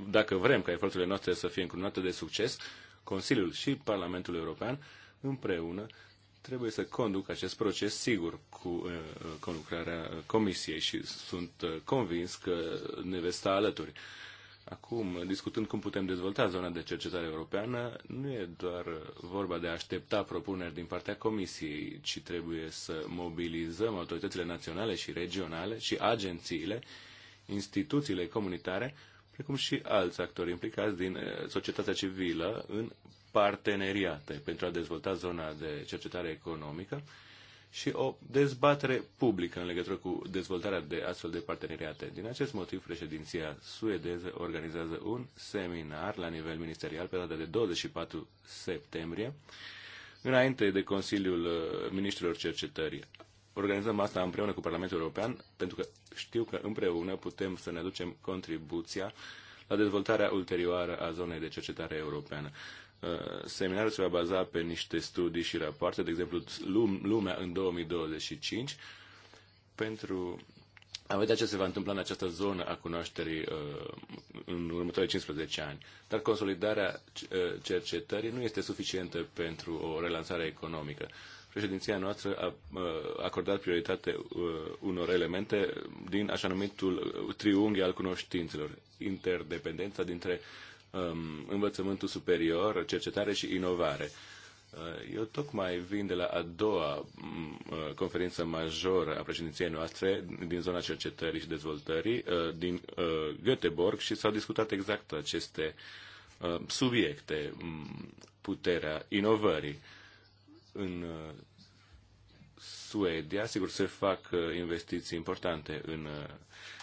dacă vrem ca eforturile noastre să fie încununate de succes, Consiliul și Parlamentul European împreună trebuie să conduc acest proces sigur cu uh, conlucrarea uh, Comisiei și sunt uh, convins că ne veți sta alături. Acum, discutând cum putem dezvolta zona de cercetare europeană, nu e doar vorba de a aștepta propuneri din partea Comisiei, ci trebuie să mobilizăm autoritățile naționale și regionale și agențiile, instituțiile comunitare, precum și alți actori implicați din uh, societatea civilă în parteneriate pentru a dezvolta zona de cercetare economică și o dezbatere publică în legătură cu dezvoltarea de astfel de parteneriate. Din acest motiv, președinția suedeză organizează un seminar la nivel ministerial pe data de 24 septembrie, înainte de Consiliul uh, Ministrilor Cercetării. Organizăm asta împreună cu Parlamentul European, pentru că știu că împreună putem să ne aducem contribuția la dezvoltarea ulterioară a zonei de cercetare europeană. Uh, seminarul se va baza pe niște studii și rapoarte, de exemplu, lumea în 2025, pentru a vedea ce se va întâmpla în această zonă a cunoașterii uh, în următoarele 15 ani. Dar consolidarea uh, cercetării nu este suficientă pentru o relansare economică. Președinția noastră a uh, acordat prioritate uh, unor elemente din așa numitul triunghi al cunoștințelor, interdependența dintre Um, învățământul superior, cercetare și inovare. Uh, eu tocmai vin de la a doua mm, uh, conferință majoră a președinției noastre din zona cercetării și dezvoltării uh, din Göteborg și s-au discutat exact aceste subiecte, mm, puterea inovării. În Suedia, sigur, se fac investiții importante în,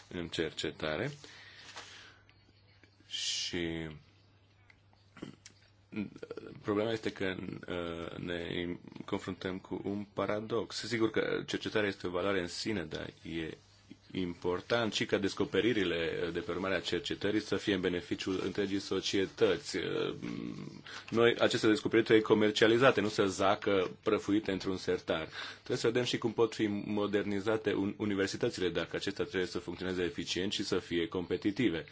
în cercetare și problema este că uh, ne confruntăm cu un paradox. Sigur că cercetarea este o valoare în sine, dar e important și ca descoperirile de pe urmarea cercetării să fie în beneficiul întregii societăți. Uh, noi aceste descoperiri trebuie comercializate, nu să zacă prăfuite într-un sertar. Trebuie să vedem și cum pot fi modernizate universitățile, dacă acestea trebuie să funcționeze eficient și să fie competitive.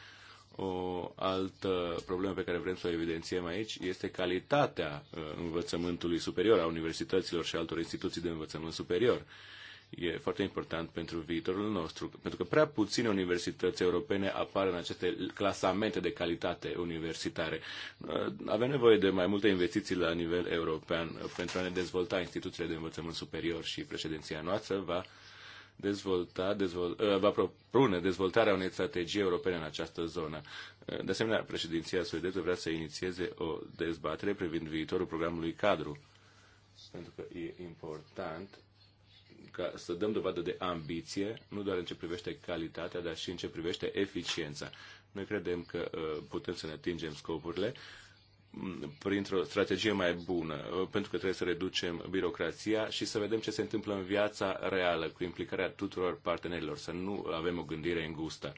O altă problemă pe care vrem să o evidențiem aici este calitatea uh, învățământului superior a universităților și altor instituții de învățământ superior. E foarte important pentru viitorul nostru, pentru că prea puține universități europene apar în aceste clasamente de calitate universitare. Uh, avem nevoie de mai multe investiții la nivel european pentru a ne dezvolta instituțiile de învățământ superior și președinția noastră va dezvolta, dezvol, uh, va propune dezvoltarea unei strategii europene în această zonă. Uh, de asemenea, președinția suedeză vrea să inițieze o dezbatere privind viitorul programului cadru, pentru că e important ca să dăm dovadă de ambiție, nu doar în ce privește calitatea, dar și în ce privește eficiența. Noi credem că uh, putem să ne atingem scopurile printr-o strategie mai bună, uh, pentru că trebuie să reducem birocrația și să vedem ce se întâmplă în viața reală, cu implicarea tuturor partenerilor, să nu avem o gândire îngustă.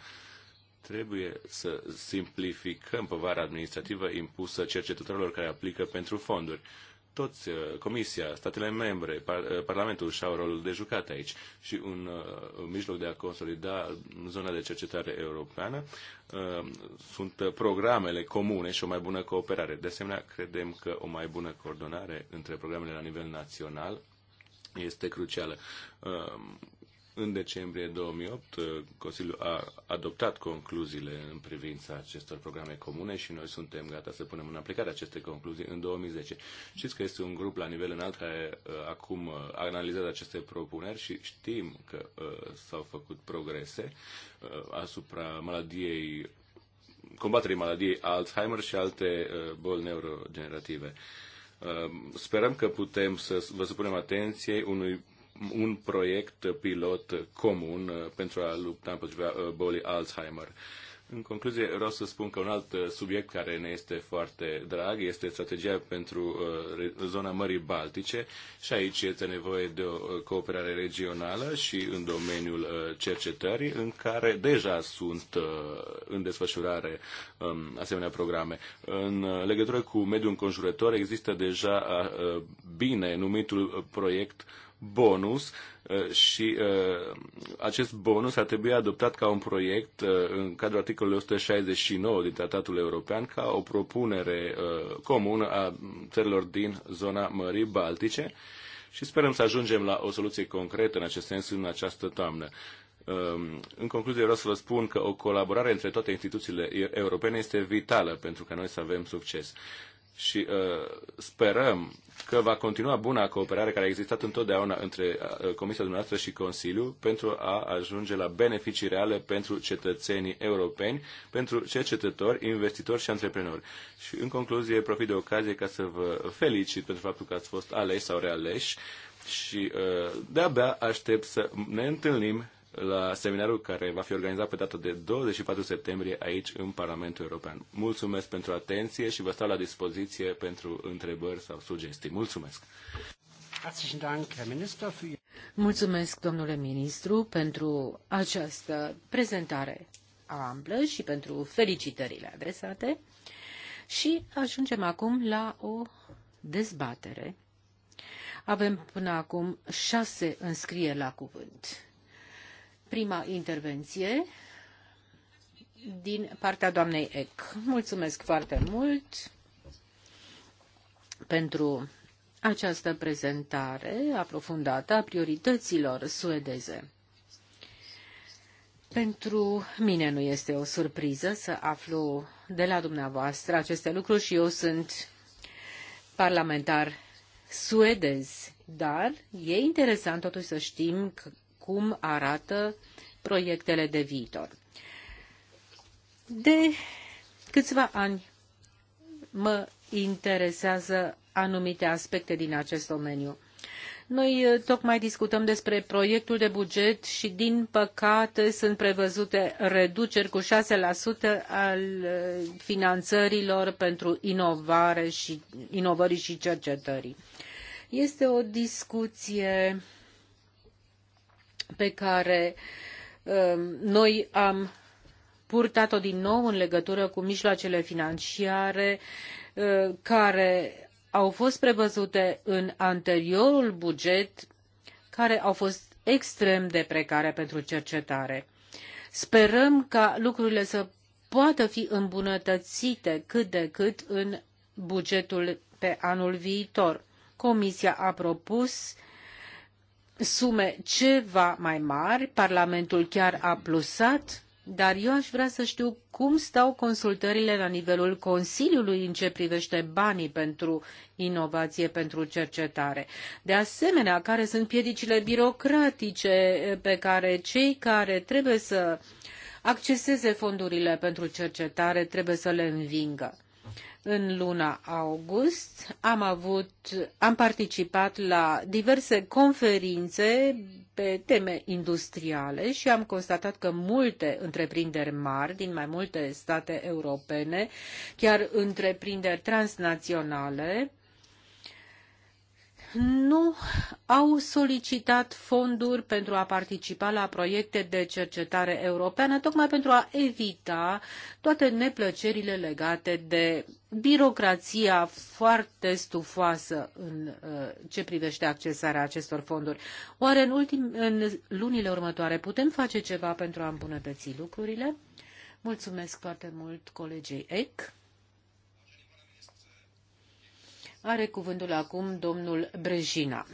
Trebuie să simplificăm povara administrativă impusă cercetătorilor care aplică pentru fonduri toți, uh, Comisia, statele membre, uh, Parlamentul și-au rolul de jucat aici și un, uh, un mijloc de a consolida zona de cercetare europeană sunt programele comune și o mai bună cooperare. De asemenea, credem că o mai bună coordonare între programele la nivel național este crucială. În decembrie 2008, uh, Consiliul a adoptat concluziile în privința acestor programe comune și noi suntem gata să punem în aplicare aceste concluzii în 2010. Știți că este un grup la nivel înalt care uh, acum uh, analizează aceste propuneri și știm că s-au făcut progrese asupra maladiei combaterii maladiei Alzheimer și alte boli neurogenerative. Sperăm că putem să vă supunem atenției unui un proiect pilot comun uh, pentru a lupta împotriva uh, bolii Alzheimer. În concluzie, vreau să spun că un alt uh, subiect care ne este foarte drag este strategia pentru zona Mării Baltice și aici este nevoie de o cooperare regională și în domeniul cercetării, în care deja sunt în desfășurare um, asemenea programe. În legătură cu mediul înconjurător există deja bine numitul proiect bonus uh, și uh, acest bonus ar trebui adoptat ca un proiect uh, în cadrul articolului 169 din Tratatul European ca o propunere comună a țărilor din zona Mării Baltice și sperăm să ajungem la o soluție concretă în acest sens în această toamnă. Um, în concluzie vreau să vă spun că o colaborare între toate instituțiile europene este vitală pentru ca noi să avem succes și uh, sperăm că va continua buna cooperare care a existat întotdeauna între uh, Comisia dumneavoastră și Consiliu pentru a ajunge la beneficii reale pentru cetățenii europeni, pentru cercetători, investitori și antreprenori. Și în concluzie profit de ocazie ca să vă felicit pentru faptul că ați fost aleși sau realeși și uh, de-abia aștept să ne întâlnim la seminarul care va fi organizat pe data de 24 septembrie aici în Parlamentul European. Mulțumesc pentru atenție și vă stau la dispoziție pentru întrebări sau sugestii. Mulțumesc! Mulțumesc, domnule ministru, pentru această prezentare amplă și pentru felicitările adresate. Și ajungem acum la o dezbatere. Avem până acum șase înscrieri la cuvânt prima intervenție din partea doamnei Eck. Mulțumesc foarte mult pentru această prezentare aprofundată a priorităților suedeze. Pentru mine nu este o surpriză să aflu de la dumneavoastră aceste lucruri și eu sunt parlamentar suedez, dar e interesant totuși să știm cum arată proiectele de viitor. De câțiva ani mă interesează anumite aspecte din acest domeniu. Noi eh, tocmai discutăm despre proiectul de buget și, din păcate, sunt prevăzute reduceri cu 6% al eh, finanțărilor pentru inovare și, inovării și cercetării. Este o discuție uh, pe care um, noi am purtat-o din nou în legătură cu mijloacele financiare uh, care au fost prevăzute în anteriorul buget, care au fost extrem de precare pentru cercetare. Sperăm ca lucrurile să poată fi îmbunătățite cât de cât în bugetul pe anul viitor. Comisia a propus uh, sume ceva mai mari, Parlamentul chiar a plusat, dar eu aș vrea să știu cum stau consultările la nivelul Consiliului în ce privește banii pentru inovație, pentru cercetare. De asemenea, care sunt piedicile birocratice pe care cei care trebuie să acceseze fondurile pentru cercetare trebuie să le învingă. În luna august am, avut, am participat la diverse conferințe pe teme industriale și am constatat că multe întreprinderi mari din mai multe state europene, chiar întreprinderi transnaționale, nu au solicitat fonduri pentru a participa la proiecte de cercetare europeană, tocmai pentru a evita toate neplăcerile legate de birocrația foarte stufoasă în uh, ce privește accesarea acestor fonduri. Oare în, ultim, în lunile următoare putem face ceva pentru a îmbunătăți lucrurile? Mulțumesc foarte mult colegei Eck. Are cuvântul acum domnul Brejina.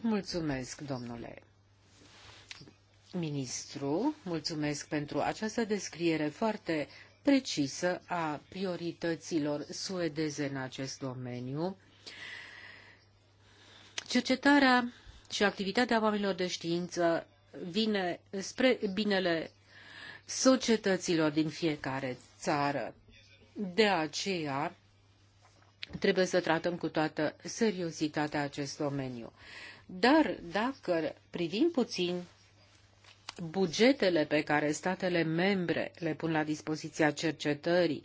Mulțumesc, domnule ministru, mulțumesc pentru această descriere foarte precisă a priorităților suedeze în acest domeniu. Cercetarea și activitatea oamenilor de știință vine spre binele societăților din fiecare țară. De aceea, Trebuie să tratăm cu toată seriozitatea acest domeniu. Dar dacă privim puțin bugetele pe care statele membre le pun la dispoziția cercetării,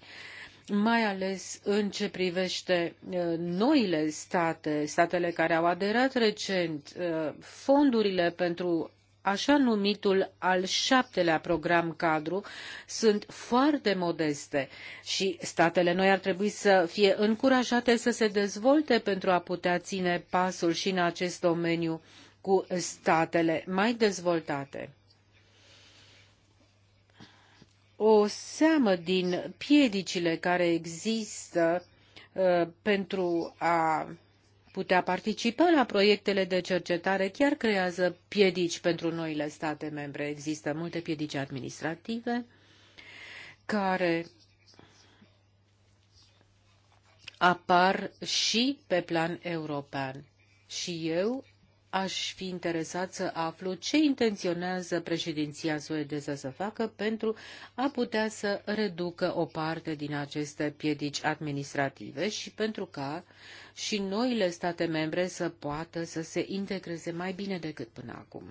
mai ales în ce privește uh, noile state, statele care au aderat recent, uh, fondurile pentru așa numitul al șaptelea program cadru sunt foarte modeste și statele noi ar trebui să fie încurajate să se dezvolte pentru a putea ține pasul și în acest domeniu cu statele mai dezvoltate. O seamă din piedicile care există uh, pentru a putea participa la proiectele de cercetare chiar creează piedici pentru noile state membre. Există multe piedici administrative care apar și pe plan european. Și eu aș fi interesat să aflu ce intenționează președinția suedeză să facă pentru a putea să reducă o parte din aceste piedici administrative și pentru ca și noile state membre să poată să se integreze mai bine decât până acum.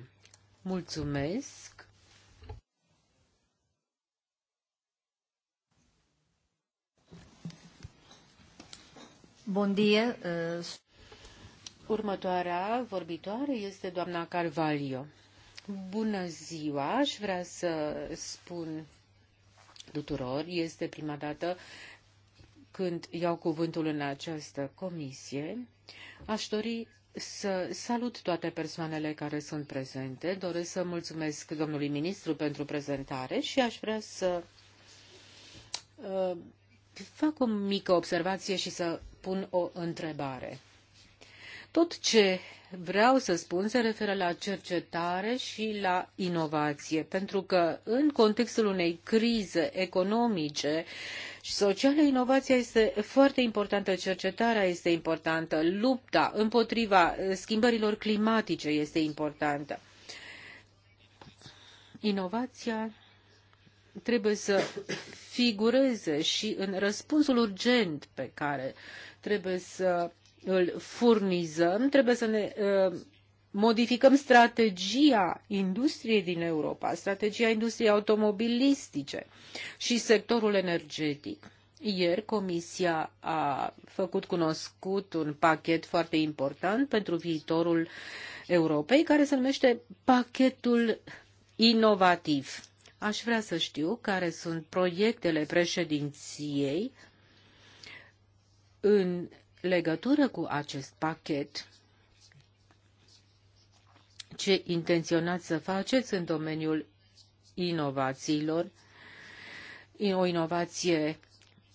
Mulțumesc! Bun dia! Uh... Următoarea vorbitoare este doamna Carvalho. Bună ziua, aș vrea să spun tuturor, este prima dată când iau cuvântul în această comisie. Aș dori să salut toate persoanele care sunt prezente. Doresc să mulțumesc domnului ministru pentru prezentare și aș vrea să uh, fac o mică observație și să pun o întrebare. Tot ce vreau să spun se referă la cercetare și la inovație, pentru că în contextul unei crize economice și sociale, inovația este foarte importantă, cercetarea este importantă, lupta împotriva schimbărilor climatice este importantă. Inovația trebuie să figureze și în răspunsul urgent pe care trebuie să îl furnizăm, trebuie să ne ă, modificăm strategia industriei din Europa, strategia industriei automobilistice și sectorul energetic. Ieri Comisia a făcut cunoscut un pachet foarte important pentru viitorul Europei, care se numește pachetul inovativ. Aș vrea să știu care sunt proiectele președinției în legătură cu acest pachet, ce intenționați să faceți în domeniul inovațiilor, o inovație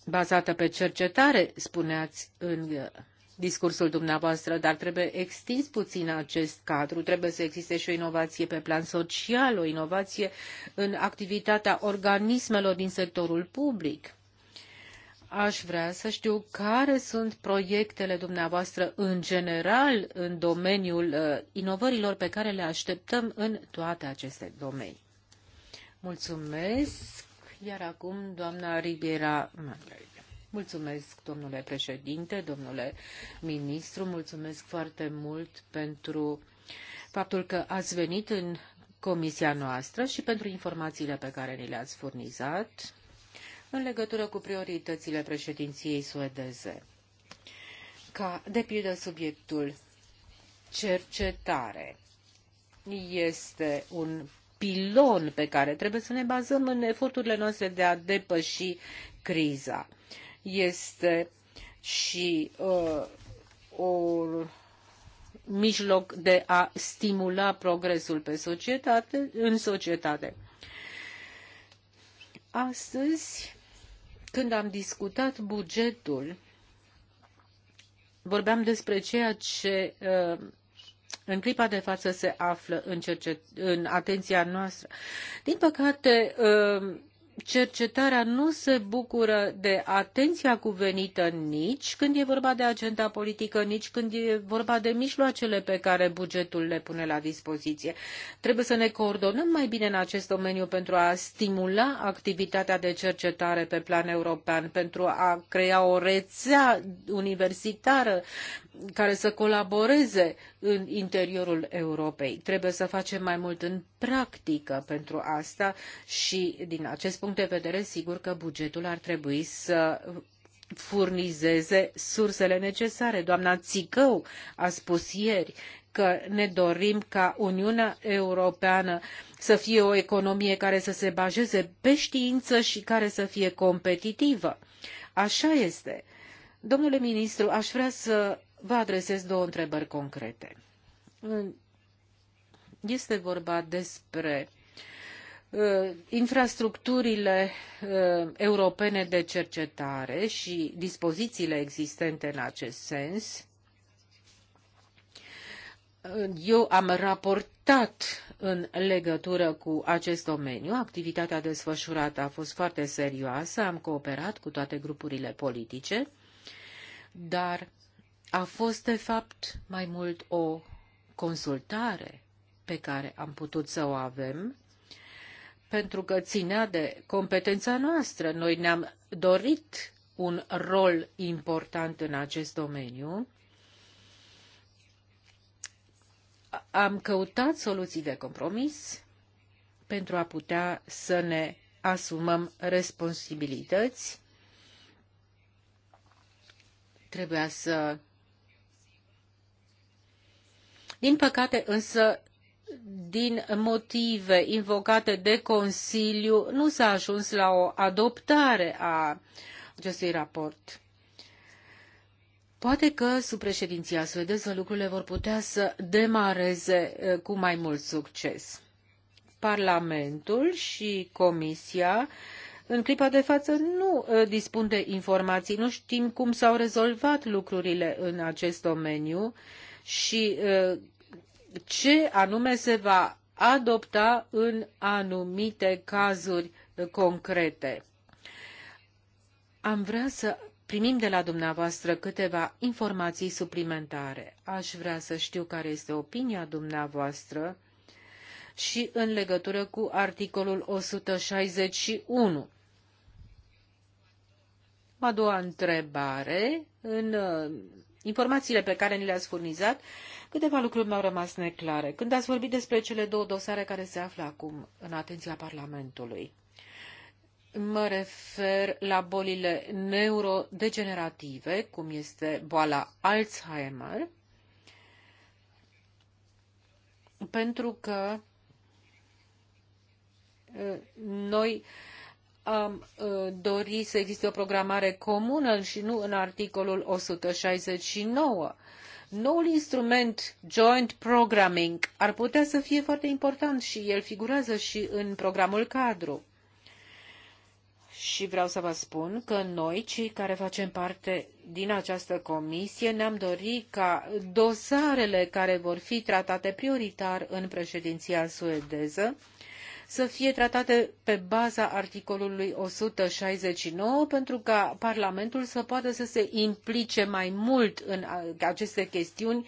bazată pe cercetare, spuneați în discursul dumneavoastră, dar trebuie extins puțin acest cadru. Trebuie să existe și o inovație pe plan social, o inovație în activitatea organismelor din sectorul public. Aș vrea să știu care sunt proiectele dumneavoastră în general în domeniul uh, inovărilor pe care le așteptăm în toate aceste domenii. Mulțumesc. Iar acum, doamna Ribiera Mulțumesc, domnule președinte, domnule ministru, mulțumesc foarte mult pentru faptul că ați venit în comisia noastră și pentru informațiile pe care ni le-ați furnizat în legătură cu prioritățile președinției suedeze, ca de pildă subiectul cercetare. Este un pilon pe care trebuie să ne bazăm în eforturile noastre de a depăși criza. Este și uh, un mijloc de a stimula progresul pe societate, în societate. Astăzi când am discutat bugetul, vorbeam despre ceea ce uh, în clipa de față se află în, cercet- în atenția noastră. Din păcate, uh, cercetarea nu se bucură de atenția cuvenită nici când e vorba de agenda politică, nici când e vorba de mijloacele pe care bugetul le pune la dispoziție. Trebuie să ne coordonăm mai bine în acest domeniu pentru a stimula activitatea de cercetare pe plan european, pentru a crea o rețea universitară care să colaboreze în interiorul Europei. Trebuie să facem mai mult în practică pentru asta și din acest punct punct de vedere, sigur că bugetul ar trebui să furnizeze sursele necesare. Doamna Țicău a spus ieri că ne dorim ca Uniunea Europeană să fie o economie care să se bazeze pe știință și care să fie competitivă. Așa este. Domnule ministru, aș vrea să vă adresez două întrebări concrete. Este vorba despre Uh, infrastructurile uh, europene de cercetare și dispozițiile existente în acest sens. Uh, eu am raportat în legătură cu acest domeniu. Activitatea desfășurată a fost foarte serioasă, am cooperat cu toate grupurile politice, dar a fost, de fapt, mai mult o consultare pe care am putut să o avem pentru că ținea de competența noastră. Noi ne-am dorit un rol important în acest domeniu. Am căutat soluții de compromis pentru a putea să ne asumăm responsabilități. Trebuia să din păcate însă din motive invocate de Consiliu, nu s-a ajuns la o adoptare a acestui raport. Poate că sub președinția suedeză lucrurile vor putea să demareze eh, cu mai mult succes. Parlamentul și Comisia în clipa de față nu eh, dispun de informații, nu știm cum s-au rezolvat lucrurile în acest domeniu și eh, ce anume se va adopta în anumite cazuri concrete. Am vrea să primim de la dumneavoastră câteva informații suplimentare. Aș vrea să știu care este opinia dumneavoastră și în legătură cu articolul 161. A doua întrebare, în informațiile pe care ni le-ați furnizat, câteva lucruri mi-au rămas neclare. Când ați vorbit despre cele două dosare care se află acum în atenția Parlamentului, mă refer la bolile neurodegenerative, cum este boala Alzheimer, pentru că uh, noi uh, am uh, dori să existe o programare comună și nu în articolul 169. Noul instrument Joint Programming ar putea să fie foarte important și el figurează și în programul cadru. Și vreau să vă spun că noi, cei care facem parte din această comisie, ne-am dorit ca dosarele care vor fi tratate prioritar în președinția suedeză să fie tratate pe baza articolului 169 pentru ca Parlamentul să poată să se implice mai mult în aceste chestiuni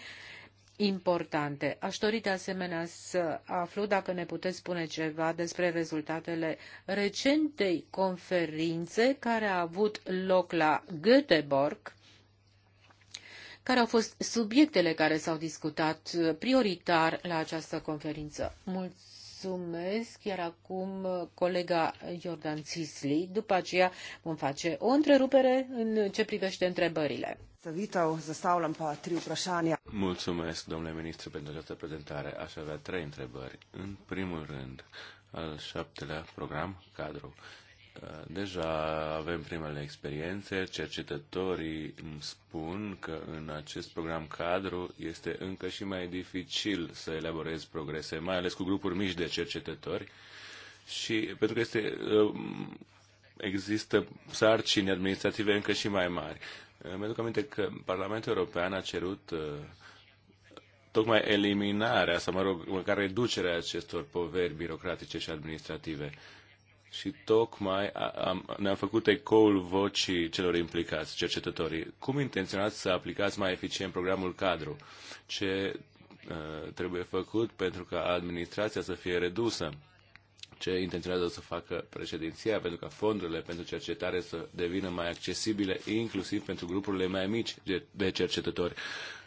importante. Aș dori de asemenea să aflu dacă ne puteți spune ceva despre rezultatele recentei conferințe care a avut loc la Göteborg, care au fost subiectele care s-au discutat prioritar la această conferință. Mulțumesc! mulțumesc, iar acum uh, colega Jordan Cisli. După aceea vom face o întrerupere în ce privește întrebările. Mulțumesc, domnule ministru, pentru această prezentare. Aș avea trei întrebări. În primul rând, al șaptelea program cadru Deja avem primele experiențe, cercetătorii îmi spun că în acest program cadru este încă și mai dificil să elaborezi progrese, mai ales cu grupuri mici de cercetători și pentru că este, uh, există sarcini administrative încă și mai mari. Uh, mi-aduc aminte că Parlamentul European a cerut uh, tocmai eliminarea, sau mă rog, măcar reducerea acestor poveri birocratice și administrative și tocmai ne-am făcut ecoul vocii celor implicați, cercetătorii. Cum intenționați să aplicați mai eficient programul cadru? Ce uh, trebuie făcut pentru ca administrația să fie redusă? Ce intenționează să facă președinția pentru ca fondurile pentru cercetare să devină mai accesibile, inclusiv pentru grupurile mai mici de cercetători?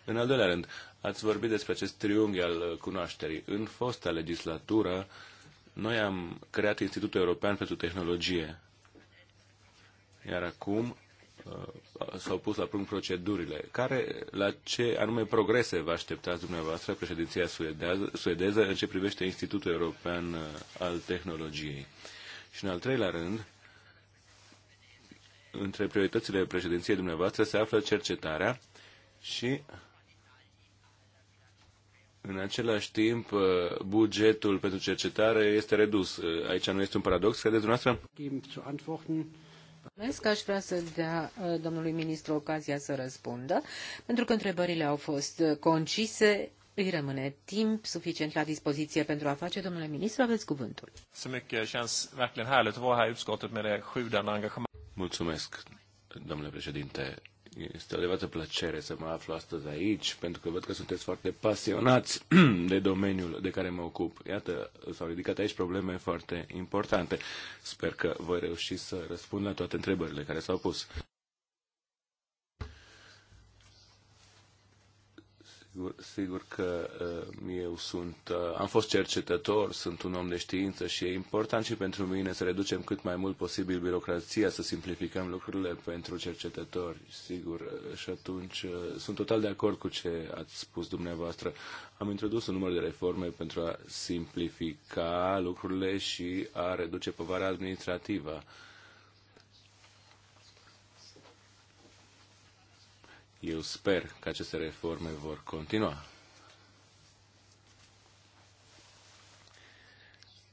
În al doilea rând, ați vorbit despre acest triunghi al cunoașterii. În fosta legislatură, uh, noi am creat Institutul European pentru Tehnologie, iar acum uh, s-au pus la punct procedurile. Care, la ce anume progrese vă așteptați dumneavoastră, președinția suedeză, suedeză în ce privește Institutul European uh, al Tehnologiei? Și în al treilea rând, între prioritățile președinției dumneavoastră se află cercetarea și în același timp, bugetul pentru cercetare este redus. Aici nu este un paradox, credeți dumneavoastră? Mulțumesc, aș vrea să dea domnului ministru ocazia să răspundă, pentru că întrebările au fost concise, îi rămâne timp suficient la dispoziție pentru a face. Domnule ministru, aveți cuvântul. Mulțumesc, domnule președinte. Este o adevărată plăcere să mă aflu astăzi aici, pentru că văd că sunteți foarte pasionați de domeniul de care mă ocup. Iată, s-au ridicat aici probleme foarte importante. Sper că voi reuși să răspund la toate întrebările care s-au pus. Sigur, sigur că uh, eu sunt, uh, am fost cercetător, sunt un om de știință și e important și pentru mine să reducem cât mai mult posibil birocrația, să simplificăm lucrurile pentru cercetători, sigur. Uh, și atunci sunt total de acord cu ce ați spus dumneavoastră. Am introdus un număr de reforme pentru a simplifica lucrurile și a reduce povara administrativă Eu sper că aceste reforme vor continua.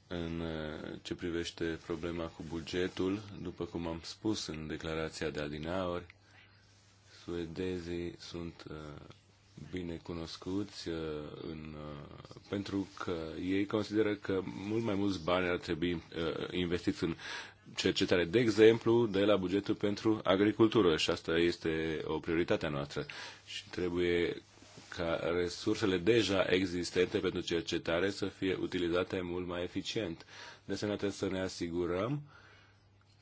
În uh, ce privește problema cu bugetul, după cum am spus în declarația de adinaori, suedezii sunt uh, bine cunoscuți uh, în, pentru că ei consideră că mult mai mulți bani ar trebui investiți în cercetare, de exemplu, de la bugetul pentru agricultură și asta este o prioritate a noastră și trebuie ca resursele deja existente pentru cercetare să fie utilizate mult mai eficient. De asemenea, trebuie să ne asigurăm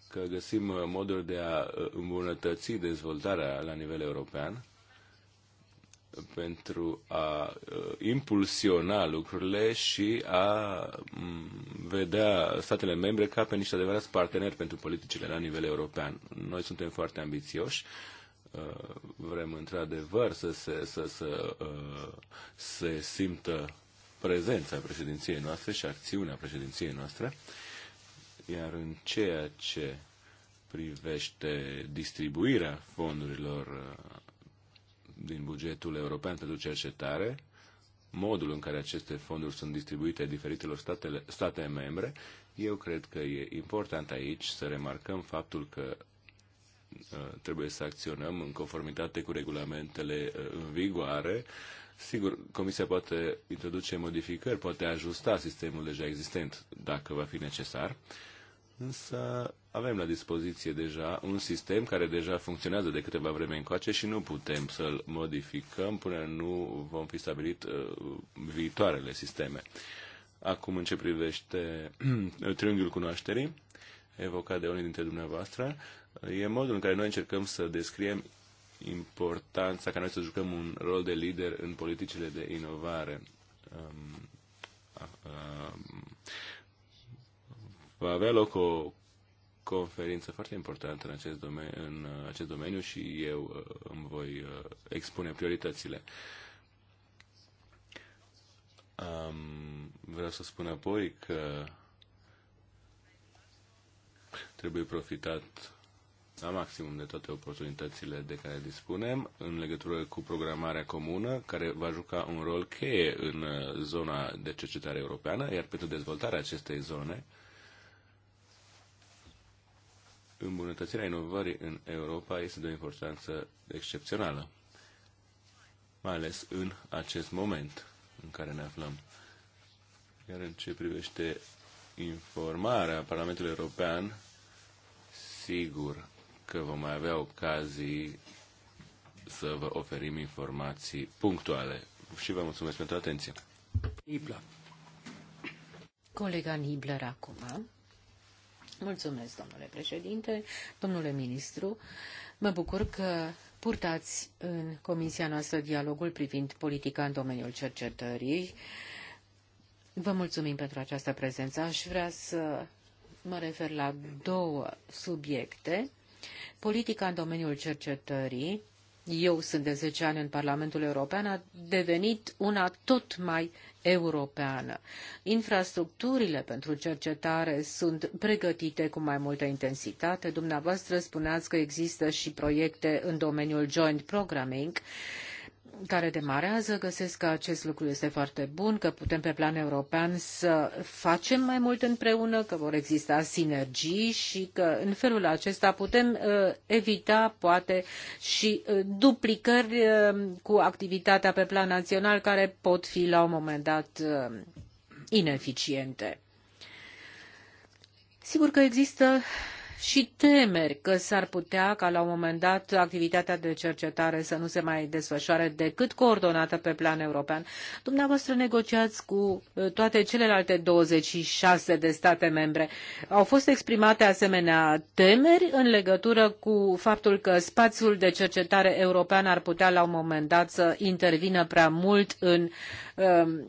că găsim moduri de a îmbunătăți dezvoltarea la nivel european pentru a uh, impulsiona lucrurile și a vedea statele membre ca pe niște adevărați parteneri pentru politicile la nivel european. Noi suntem foarte ambițioși uh, vrem într-adevăr să se, să, să, uh, se simtă prezența președinției noastre și acțiunea președinției noastre, iar în ceea ce privește distribuirea fondurilor din bugetul european pentru cercetare, modul în care aceste fonduri sunt distribuite diferitelor statele, state membre, eu cred că e important aici să remarcăm faptul că uh, trebuie să acționăm în conformitate cu regulamentele uh, în vigoare. Sigur, Comisia poate introduce modificări, poate ajusta sistemul deja existent dacă va fi necesar. Uh, Însă avem la dispoziție deja un sistem care deja funcționează de câteva vreme încoace și nu putem să-l modificăm până nu vom fi stabilit uh, viitoarele sisteme. Acum, în ce privește triunghiul cunoașterii, evocat de unii dintre dumneavoastră, e modul în care noi încercăm să descriem importanța ca noi să jucăm un rol de lider în politicile de inovare. Um, uh, va avea loc o conferință foarte importantă în acest, domeniu, în uh, acest domeniu și eu uh, îmi voi uh, expune prioritățile. Um, vreau să spun apoi că trebuie profitat la maximum de toate oportunitățile de care dispunem în legătură cu programarea comună, care va juca un rol cheie în zona de cercetare europeană, iar pentru dezvoltarea acestei zone, îmbunătățirea inovării în Europa este de o importanță excepțională, mai ales în acest moment în care ne aflăm. Iar în ce privește informarea Parlamentului European, sigur că vom mai avea ocazii să vă oferim informații punctuale. Și vă mulțumesc pentru atenție. Ibla. Colega Nibler acum. Mulțumesc, domnule președinte, domnule ministru. Mă bucur că purtați în comisia noastră dialogul privind politica în domeniul cercetării. Vă mulțumim pentru această prezență. Aș vrea să mă refer la două subiecte. Politica în domeniul cercetării eu sunt de 10 ani în Parlamentul European, a devenit una tot mai europeană. Infrastructurile pentru cercetare sunt pregătite cu mai multă intensitate. Dumneavoastră spuneați că există și proiecte în domeniul joint programming. Uh, care demarează găsesc că acest lucru este foarte bun, că putem pe plan european să facem mai mult împreună, că vor exista sinergii și că în felul acesta putem uh, evita poate și uh, duplicări uh, cu activitatea pe plan național care pot fi la un moment dat ineficiente. Sigur că există și temeri că s-ar putea ca la un moment dat activitatea de cercetare să nu se mai desfășoare decât coordonată pe plan european. Dumneavoastră negociați cu uh, toate celelalte 26 de state membre. Au fost exprimate asemenea temeri în legătură cu faptul că spațiul de cercetare european ar putea la un moment dat să intervină prea mult în um,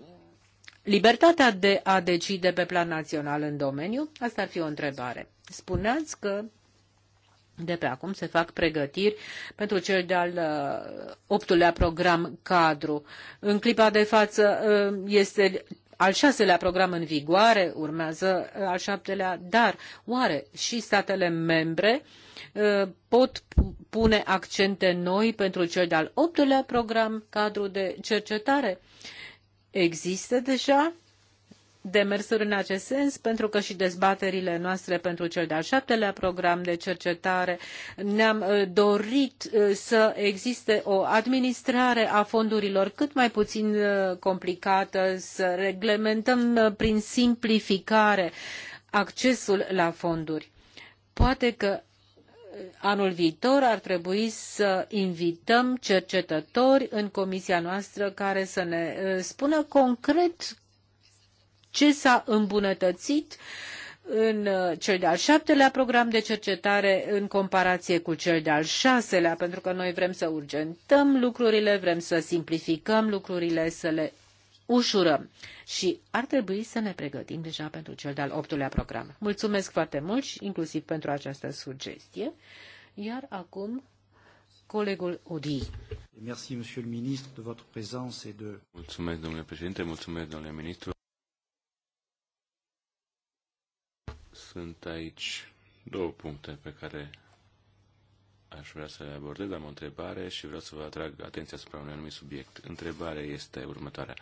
libertatea de a decide pe plan național în domeniu? Asta ar fi o întrebare. Spuneați că de pe acum se fac pregătiri pentru cel de-al uh, optulea program cadru. În clipa de față uh, este al șaselea program în vigoare, urmează uh, al șaptelea, dar oare și statele membre pot pune accente noi pentru cel de-al optulea program cadru de cercetare? Există deja demersuri în acest sens, pentru că și dezbaterile noastre pentru cel de-al șaptelea program de cercetare ne-am uh, dorit uh, să existe o administrare a fondurilor cât mai puțin uh, complicată, să reglementăm prin simplificare accesul la fonduri. Poate că anul viitor ar trebui să invităm cercetători în comisia noastră care să ne spună concret ce s-a îmbunătățit în uh, cel de-al șaptelea program de cercetare în comparație cu cel de-al șaselea, pentru că noi vrem să urgentăm lucrurile, vrem să simplificăm lucrurile, să le ușurăm și ar trebui să ne pregătim deja pentru cel de-al optulea program. Mulțumesc foarte mult și inclusiv pentru această sugestie. Iar acum colegul Odi. Mulțumesc, domnule președinte, mulțumesc, domnule ministru. Sunt aici două puncte pe care aș vrea să le abordez. Am o întrebare și vreau să vă atrag atenția asupra unui anumit subiect. Întrebarea este următoarea.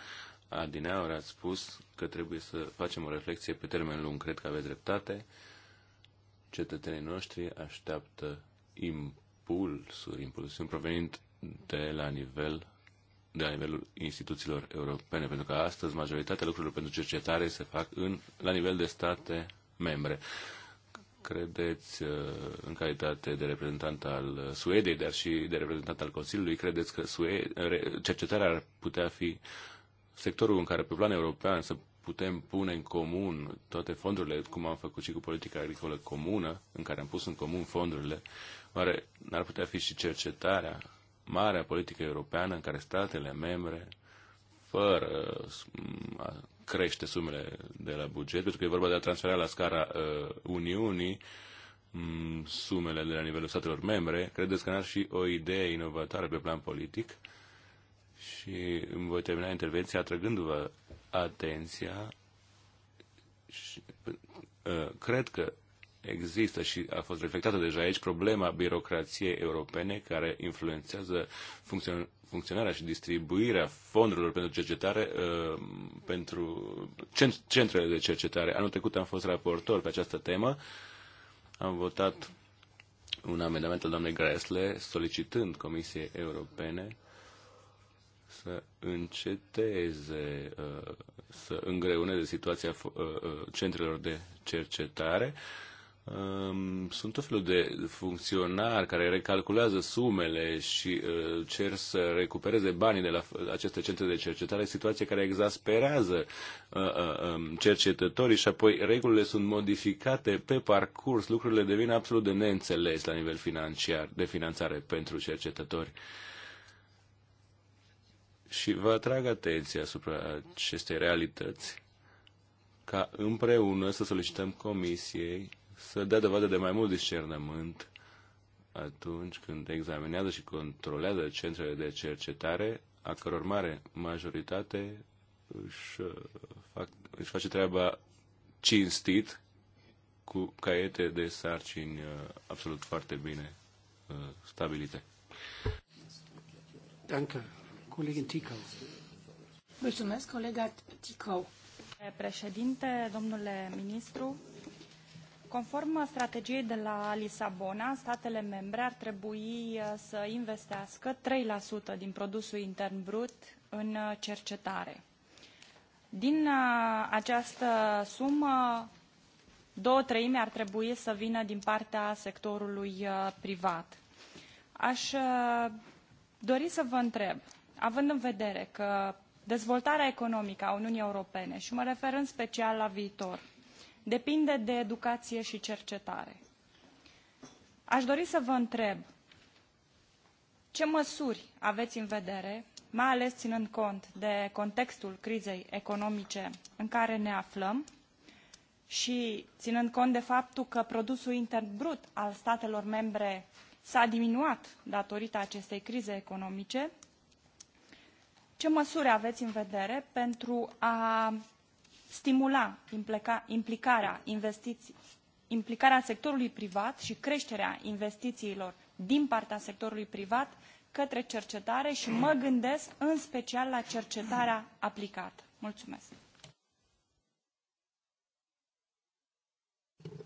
Adineaur ați spus că trebuie să facem o reflexie pe termen lung. Cred că aveți dreptate. Cetățenii noștri așteaptă impulsuri, impulsuri provenind de la nivel de la nivelul instituțiilor europene, pentru că astăzi majoritatea lucrurilor pentru cercetare se fac în, la nivel de state membre. Credeți, uh, în calitate de reprezentant al Suediei, dar și de reprezentant al Consiliului, credeți că cercetarea ar putea fi sectorul în care pe plan european să putem pune în comun toate fondurile, cum am făcut și cu politica agricolă comună, în care am pus în comun fondurile, oare n-ar putea fi și cercetarea, marea politică europeană în care statele membre, fără mm, crește sumele de la buget, pentru că e vorba de a transfera la scara uh, Uniunii mm, sumele de la nivelul statelor membre. Credeți că n-ar fi o idee inovatoare pe plan politic? Și îmi voi termina intervenția atrăgându-vă atenția. Și, uh, cred că există și a fost reflectată deja aici problema birocrației europene care influențează funcțion- funcționarea și distribuirea fondurilor pentru cercetare uh, pentru centrele de cercetare. Anul trecut am fost raportor pe această temă. Am votat un amendament al doamnei Gresle solicitând Comisiei Europene să înceteze, uh, să îngreuneze situația uh, centrelor de cercetare sunt tot felul de funcționari care recalculează sumele și uh, cer să recupereze banii de la aceste centre de cercetare, situație care exasperează uh, uh, um, cercetătorii și apoi regulile sunt modificate pe parcurs, lucrurile devin absolut de neînțeles la nivel financiar, de finanțare pentru cercetători. Și vă atrag atenția asupra acestei realități ca împreună să solicităm comisiei să dea dovadă de mai mult discernământ atunci când examinează și controlează centrele de cercetare, a căror mare majoritate își, uh, fac, își face treaba cinstit, cu caiete de sarcini uh, absolut foarte bine uh, stabilite. Danke, colegin Ticău. Mulțumesc, colega Ticău. Președinte, domnule ministru, Conform strategiei de la Lisabona, statele membre ar trebui uh, să investească 3% din produsul intern brut în uh, cercetare. Din uh, această sumă, două treimi ar trebui să vină din partea sectorului privat. Aș dori să vă întreb, având în vedere că dezvoltarea economică a Uniunii Europene, și mă refer în special la viitor, depinde de educație și cercetare. Aș dori să vă întreb ce măsuri aveți în vedere, mai ales ținând cont de contextul crizei economice în care ne aflăm și ținând cont de faptul că produsul intern brut al statelor membre s-a diminuat datorită acestei crize economice, ce măsuri aveți în vedere pentru a stimula implica, implicarea, implicarea sectorului privat și creșterea investițiilor din partea sectorului privat către cercetare și mă gândesc în special la cercetarea aplicată. Mulțumesc!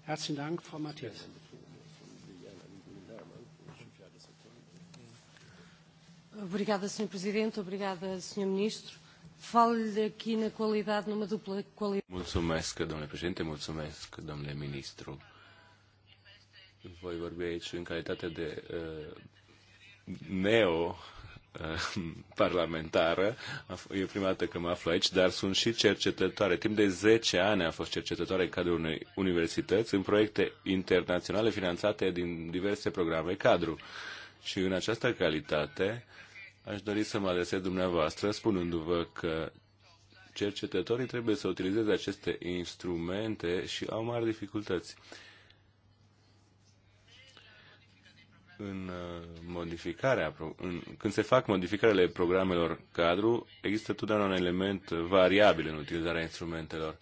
Herzlichen Dank, Frau Matthias. Obrigada, Sr. Presidente. Obrigada, Sr. Ministro falo aqui na qualidade, numa dupla qualidade. Mulțumesc, domnule președinte, mulțumesc, domnule ministru. Voi vorbi aici în calitate de uh, neo uh, parlamentară. E prima dată că mă aflu aici, dar sunt și cercetătoare. Timp de 10 ani am fost cercetătoare în cadrul unei universități în proiecte internaționale finanțate din diverse programe cadru. Și în această calitate Aș dori să mă adresez dumneavoastră spunându-vă că cercetătorii trebuie să utilizeze aceste instrumente și au mari dificultăți în uh, modificarea, în, când se fac modificările programelor cadru, există totdeauna un element variabil în utilizarea instrumentelor.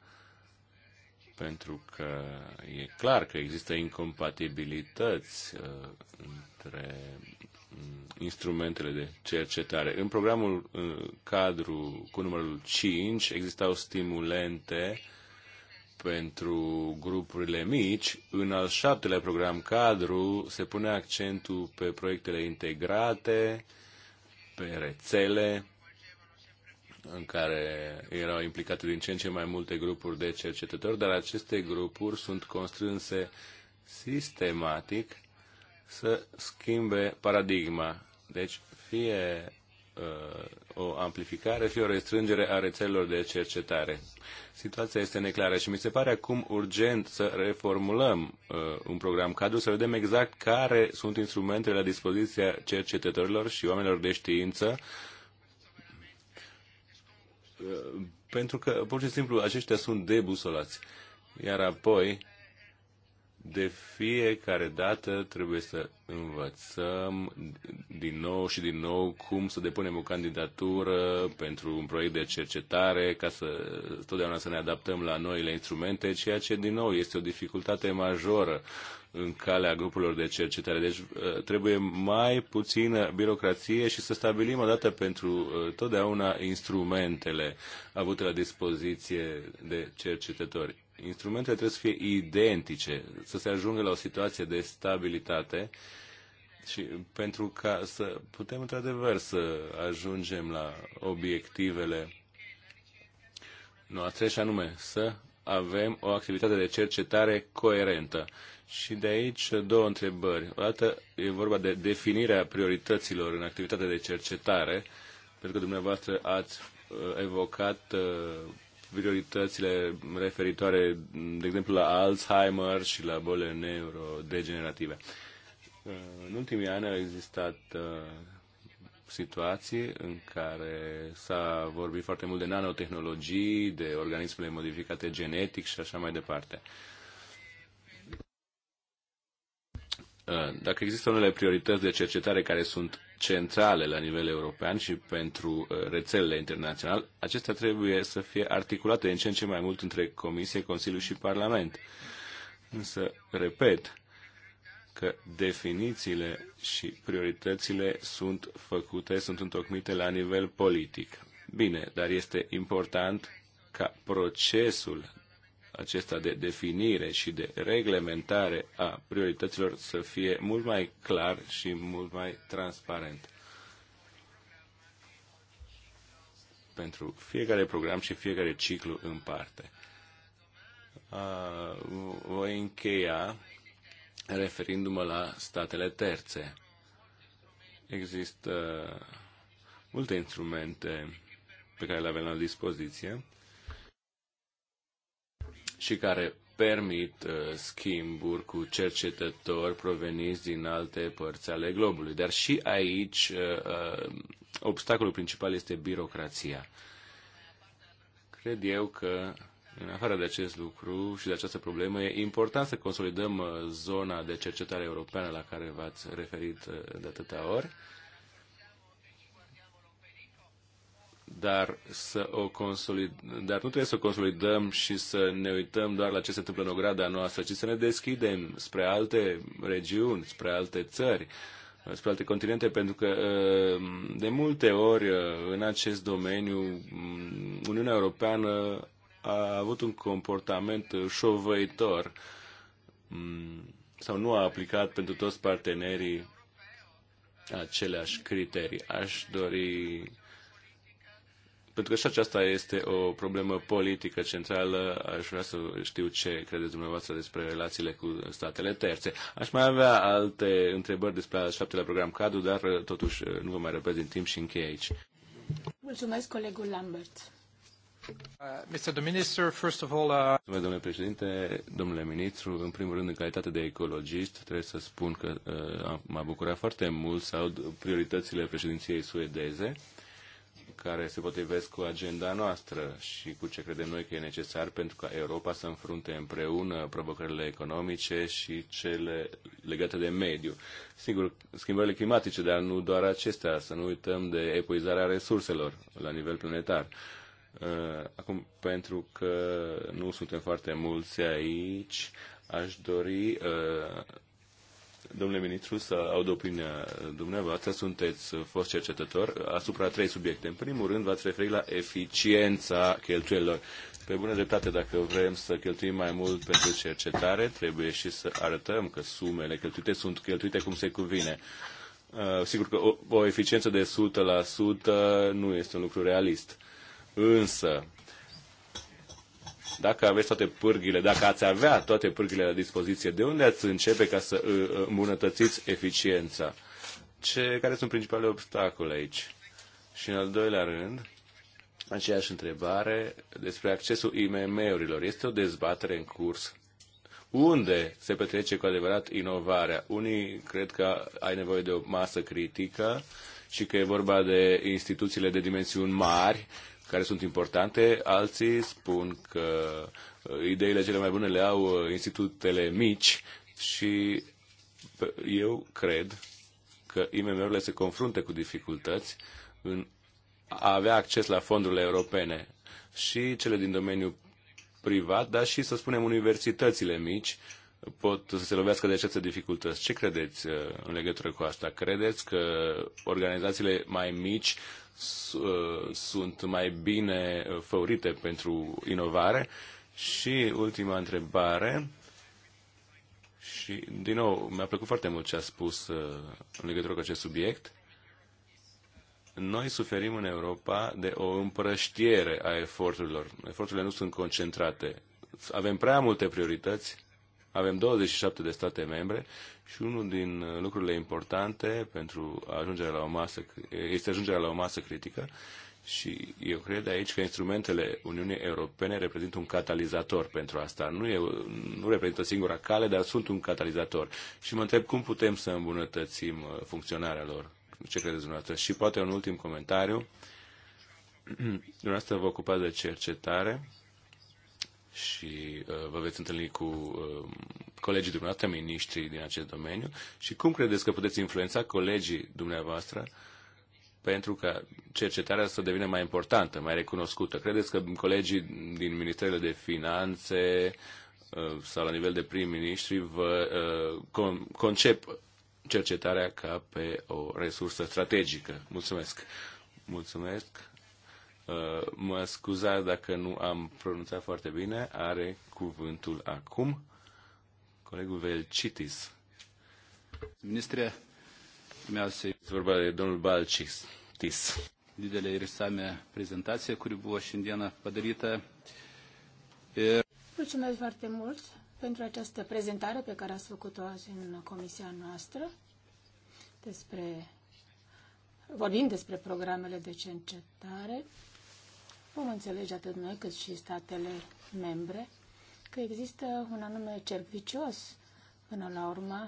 Pentru că e clar că există incompatibilități uh, între Mm, instrumentele de cercetare. În programul în cadru cu numărul 5 existau stimulente pentru grupurile mici. În al șaptelea program cadru se pune accentul pe proiectele integrate, pe rețele, în care erau implicate din ce în ce mai multe grupuri de cercetători, dar aceste grupuri sunt constrânse sistematic să schimbe paradigma. Deci fie uh, o amplificare, fie o restrângere a rețelelor de cercetare. Situația este neclară și mi se pare acum urgent să reformulăm uh, un program cadru, să vedem exact care sunt instrumentele la dispoziția cercetătorilor și oamenilor de știință uh, pentru că, pur și simplu, aceștia sunt debusolați. Iar apoi, de fiecare dată trebuie să învățăm din nou și din nou cum să depunem o candidatură pentru un proiect de cercetare ca să totdeauna să ne adaptăm la noile instrumente, ceea ce din nou este o dificultate majoră în calea grupurilor de cercetare. Deci uh, trebuie mai puțină birocrație și să stabilim odată pentru uh, totdeauna instrumentele avute la dispoziție de cercetători Instrumentele trebuie să fie identice, să se ajungă la o situație de stabilitate și pentru ca să putem într-adevăr să ajungem la obiectivele noastre și anume să avem o activitate de cercetare coerentă. Și de aici două întrebări. O dată e vorba de definirea priorităților în activitatea de cercetare, pentru că dumneavoastră ați uh, evocat uh, prioritățile referitoare, de exemplu, la Alzheimer și la bolile neurodegenerative. Uh, în ultimii ani au existat uh, situații în care s-a vorbit foarte mult de nanotehnologii, de organismele modificate genetic și așa mai departe. Uh, dacă există unele priorități de cercetare care sunt centrale la nivel european și pentru uh, rețelele internaționale, acestea trebuie să fie articulate în ce în ce mai mult între Comisie, Consiliu și Parlament. Însă, repet, că definițiile și prioritățile sunt făcute, sunt întocmite la nivel politic. Bine, dar este important ca procesul acesta de definire și de reglementare a priorităților să fie mult mai clar și mult mai transparent. Pentru fiecare program și fiecare ciclu în parte. Voi încheia referindu-mă la statele terțe. Există multe instrumente pe care le avem la dispoziție și care permit uh, schimburi cu cercetători proveniți din alte părți ale globului. Dar și aici uh, uh, obstacolul principal este birocrația. Cred eu că în afară de acest lucru și de această problemă, e important să consolidăm zona de cercetare europeană la care v-ați referit de atâtea ori dar, să o consolid... dar nu trebuie să o consolidăm și să ne uităm doar la ce se întâmplă în ograda noastră, ci să ne deschidem spre alte regiuni, spre alte țări, spre alte continente, pentru că uh, de multe ori uh, în acest domeniu mm, Uniunea Europeană a avut un comportament șovăitor mm, sau nu a aplicat pentru toți partenerii aceleași criterii. Aș dori pentru că și aceasta este o problemă politică centrală. Aș vrea să știu ce credeți dumneavoastră despre relațiile cu statele terțe. Aș mai avea alte întrebări despre al șaptelea program cadru, dar totuși nu vă mai răpesc din timp și închei aici. Mulțumesc, colegul Lambert. Uh, Mr. The Minister, first of all, uh... Domnule președinte, domnule ministru, în primul rând, în calitate de ecologist, trebuie să spun că uh, m-a bucurat foarte mult să aud prioritățile președinției suedeze care se potrivesc cu agenda noastră și cu ce credem noi că e necesar pentru ca Europa să înfrunte împreună provocările economice și cele legate de mediu. Sigur, schimbările climatice, dar nu doar acestea, să nu uităm de epuizarea resurselor la nivel planetar. Uh, acum, pentru că nu suntem foarte mulți aici, aș dori uh, domnule ministru, să aud opinia dumneavoastră. Sunteți uh, fost cercetător asupra trei subiecte. În primul rând, v-ați referit la eficiența cheltuielor. Pe bună dreptate, dacă vrem să cheltuim mai mult pentru cercetare, trebuie și să arătăm că sumele cheltuite sunt cheltuite cum se cuvine. Uh, sigur că o, o eficiență de 100% nu este un lucru realist. Însă, dacă aveți toate pârghile, dacă ați avea toate pârghile la dispoziție, de unde ați începe ca să uh, îmbunătățiți eficiența? Ce, care sunt principalele obstacole aici? Și în al doilea rând, aceeași întrebare despre accesul IMM-urilor. Este o dezbatere în curs. Unde se petrece cu adevărat inovarea? Unii cred că ai nevoie de o masă critică și că e vorba de instituțiile de dimensiuni mari care sunt importante, alții spun că uh, ideile cele mai bune le au uh, institutele mici și uh, eu cred că IMM-urile se confruntă cu dificultăți în a avea acces la fondurile europene și cele din domeniul privat, dar și, să spunem, universitățile mici pot să se lovească de aceste dificultăți. Ce credeți în legătură cu asta? Credeți că organizațiile mai mici Uh, sunt mai bine făurite pentru inovare? Și ultima întrebare, și din nou mi-a plăcut foarte mult ce a spus uh, în legătură cu acest subiect, noi suferim în Europa de o împrăștiere a eforturilor. Eforturile nu sunt concentrate. Avem prea multe priorități avem 27 de state membre și unul din lucrurile importante pentru ajungerea la o masă, este ajungerea la o masă critică și eu cred aici că instrumentele Uniunii Europene reprezintă un catalizator pentru asta. Nu, e, nu reprezintă singura cale, dar sunt un catalizator. Și mă întreb cum putem să îmbunătățim uh, funcționarea lor. Ce credeți dumneavoastră? Și poate un ultim comentariu. Dumneavoastră vă ocupați de cercetare și uh, vă veți întâlni cu uh, colegii dumneavoastră, miniștrii din acest domeniu și cum credeți că puteți influența colegii dumneavoastră pentru ca cercetarea să devină mai importantă, mai recunoscută? Credeți că colegii din Ministerele de Finanțe uh, sau la nivel de prim-ministri vă uh, con- concep cercetarea ca pe o resursă strategică? Mulțumesc! Mulțumesc! Uh, mă scuzați dacă nu am pronunțat foarte bine. Are cuvântul acum colegul Velcitis. Ministre, pirmiausiai. vorba de domnul Balcitis. Didelė ir išsame prezentacija, kuri buvo šiandieną padaryta. Ir... Mulțumesc foarte mult pentru această prezentare pe care ați făcut-o azi în comisia noastră despre, vorbim despre programele de cercetare vom înțelege atât noi cât și statele membre că există un anume cerc vicios până la urmă,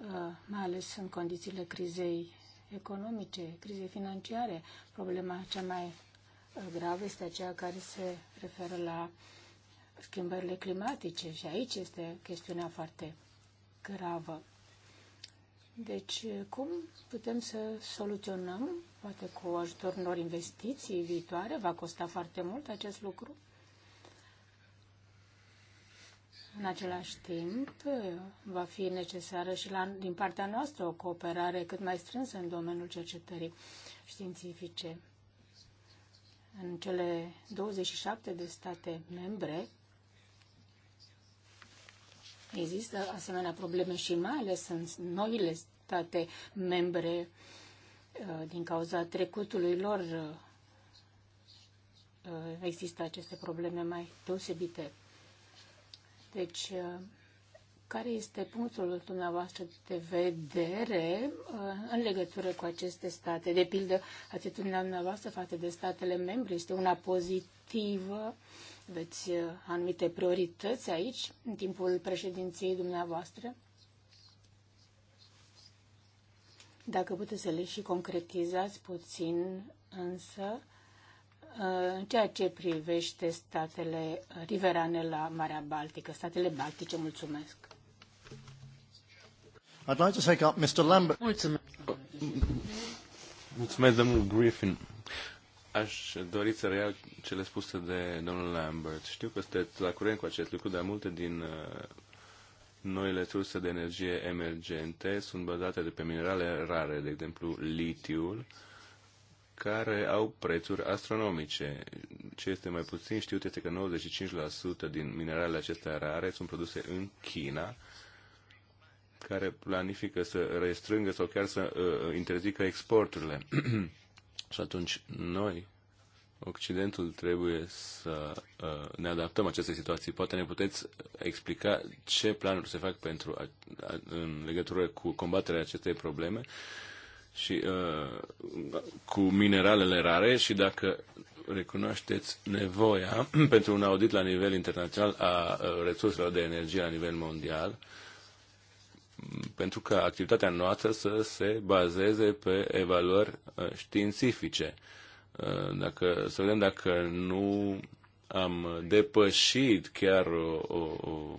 uh, mai ales în condițiile crizei economice, crizei financiare. Problema cea mai uh, gravă este aceea care se referă la schimbările climatice și aici este chestiunea foarte gravă. Deci, cum putem să soluționăm, poate cu ajutorul unor investiții viitoare, va costa foarte mult acest lucru. În același timp, va fi necesară și la, din partea noastră o cooperare cât mai strânsă în domeniul cercetării științifice. În cele 27 de state membre Există asemenea probleme și mai ales în noile state membre uh, din cauza trecutului lor uh, uh, există aceste probleme mai deosebite. Deci, care este punctul dumneavoastră de vedere în legătură cu aceste state? De pildă, atitudinea dumneavoastră față de statele membre este una pozitivă aveți uh, anumite priorități aici, în timpul președinției dumneavoastră? Dacă puteți să le și concretizați puțin, însă, uh, în ceea ce privește statele riverane la Marea Baltică, statele baltice, mulțumesc. I'd like to take up Mr. Lambert. Mulțumesc. Mulțumesc, domnul Griffin. Aș dori să reiau cele spuse de domnul Lambert. Știu că sunteți la curent cu acest lucru, dar multe din uh, noile surse de energie emergente sunt bazate de pe minerale rare, de exemplu litiul, care au prețuri astronomice. Ce este mai puțin știut este că 95% din mineralele acestea rare sunt produse în China, care planifică să restrângă sau chiar să uh, interzică exporturile. Și atunci noi, Occidentul, trebuie să uh, ne adaptăm acestei situații. Poate ne puteți explica ce planuri se fac pentru a, a, în legătură cu combaterea acestei probleme și uh, cu mineralele rare și dacă recunoașteți nevoia pentru un audit la nivel internațional a uh, resurselor de energie la nivel mondial uh, pentru că activitatea noastră să se bazeze pe evaluări uh, științifice. Uh, dacă, să vedem dacă nu am depășit chiar o, o, o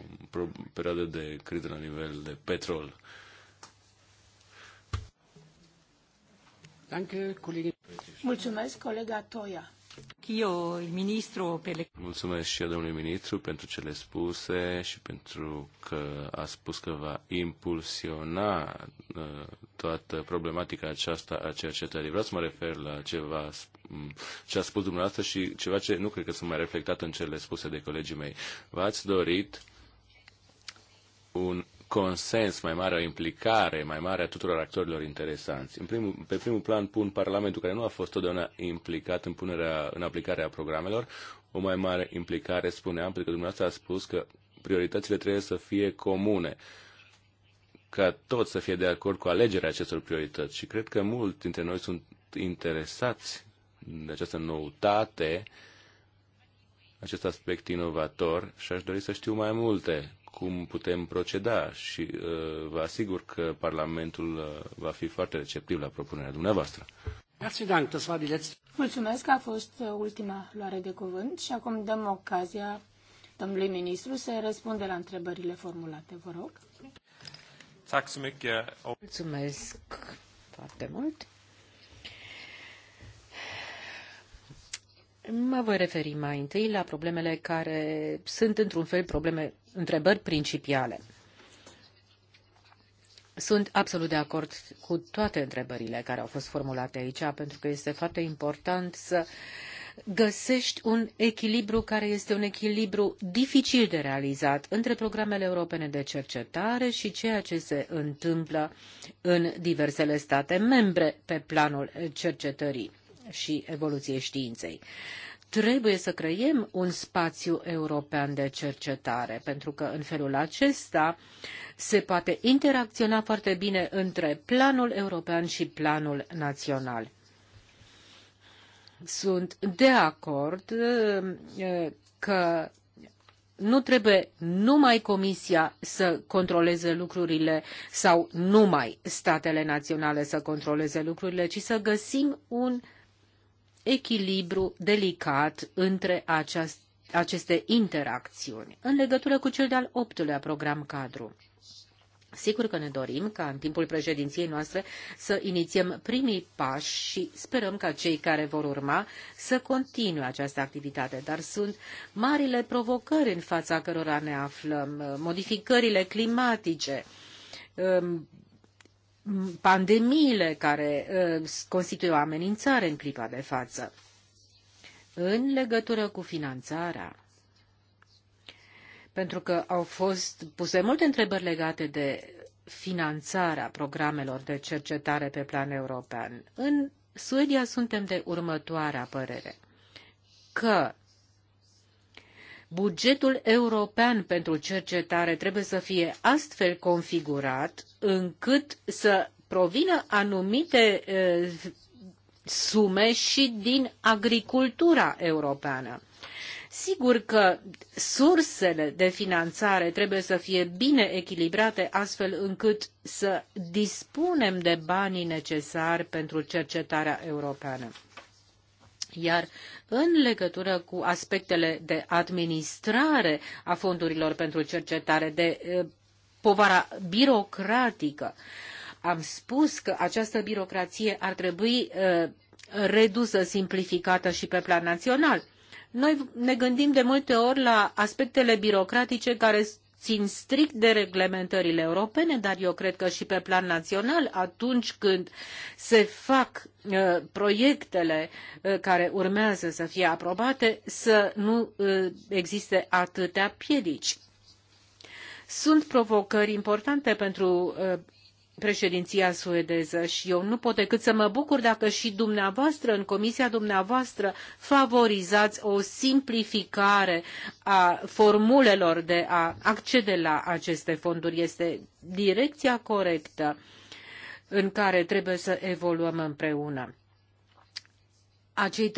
perioadă de criză la nivel de petrol. Mulțumesc, colega Toia. Mulțumesc și eu, domnului ministru, pentru cele spuse și pentru că a spus că va impulsiona uh, toată problematica aceasta a cercetării. Vreau să mă refer la ceva ce a spus dumneavoastră și ceva ce nu cred că sunt mai reflectat în cele spuse de colegii mei. V-ați dorit un consens mai mare, o implicare mai mare a tuturor actorilor interesanți. În primul, pe primul plan pun Parlamentul, care nu a fost totdeauna implicat în, punerea, în aplicarea programelor, o mai mare implicare, spuneam, pentru că dumneavoastră a spus că prioritățile trebuie să fie comune, ca tot să fie de acord cu alegerea acestor priorități. Și cred că mulți dintre noi sunt interesați de această noutate, acest aspect inovator și aș dori să știu mai multe cum putem proceda și uh, vă asigur că Parlamentul uh, va fi foarte receptiv la propunerea dumneavoastră. Mulțumesc că a fost uh, ultima luare de cuvânt și acum dăm ocazia domnului ministru să răspunde la întrebările formulate. Vă rog. Mulțumesc foarte mult. Mă voi referi mai întâi la problemele care sunt într-un fel probleme întrebări principiale. Sunt absolut de acord cu toate întrebările care au fost formulate aici, pentru că este foarte important să găsești un echilibru care este un echilibru dificil de realizat între programele europene de cercetare și ceea ce se întâmplă în diversele state membre pe planul cercetării și evoluției științei trebuie să creiem un spațiu european de cercetare, pentru că în felul acesta se poate interacționa foarte bine între planul european și planul național. Sunt de acord eh, că nu trebuie numai Comisia să controleze lucrurile sau numai statele naționale să controleze lucrurile, ci să găsim un uh, echilibru delicat între aceste interacțiuni în legătură cu cel de-al optulea program cadru. Sigur că ne dorim ca în timpul președinției noastre să inițiem primii pași și sperăm ca cei care vor urma să continue această activitate, dar sunt marile provocări în fața cărora ne aflăm, modificările climatice, pandemiile care uh, constituie o amenințare în clipa de față. În legătură cu finanțarea, pentru că au fost puse multe întrebări legate de finanțarea programelor de cercetare pe plan european. În Suedia suntem de următoarea părere că Bugetul european pentru cercetare trebuie să fie astfel configurat încât să provină anumite sume și din agricultura europeană. Sigur că sursele de finanțare trebuie să fie bine echilibrate astfel încât să dispunem de banii necesari pentru cercetarea europeană. Iar în legătură cu aspectele de administrare a fondurilor pentru cercetare, de povara birocratică, am spus că această birocrație ar trebui redusă, simplificată și pe plan național. Noi ne gândim de multe ori la aspectele birocratice care țin strict de reglementările europene, dar eu cred că și pe plan național, atunci când se fac uh, proiectele uh, care urmează să fie aprobate, să nu uh, existe atâtea piedici. Sunt provocări importante pentru uh, președinția suedeză și eu nu pot decât să mă bucur dacă și dumneavoastră, în comisia dumneavoastră, favorizați o simplificare a formulelor de a accede la aceste fonduri. Este direcția corectă în care trebuie să evoluăm împreună. Acei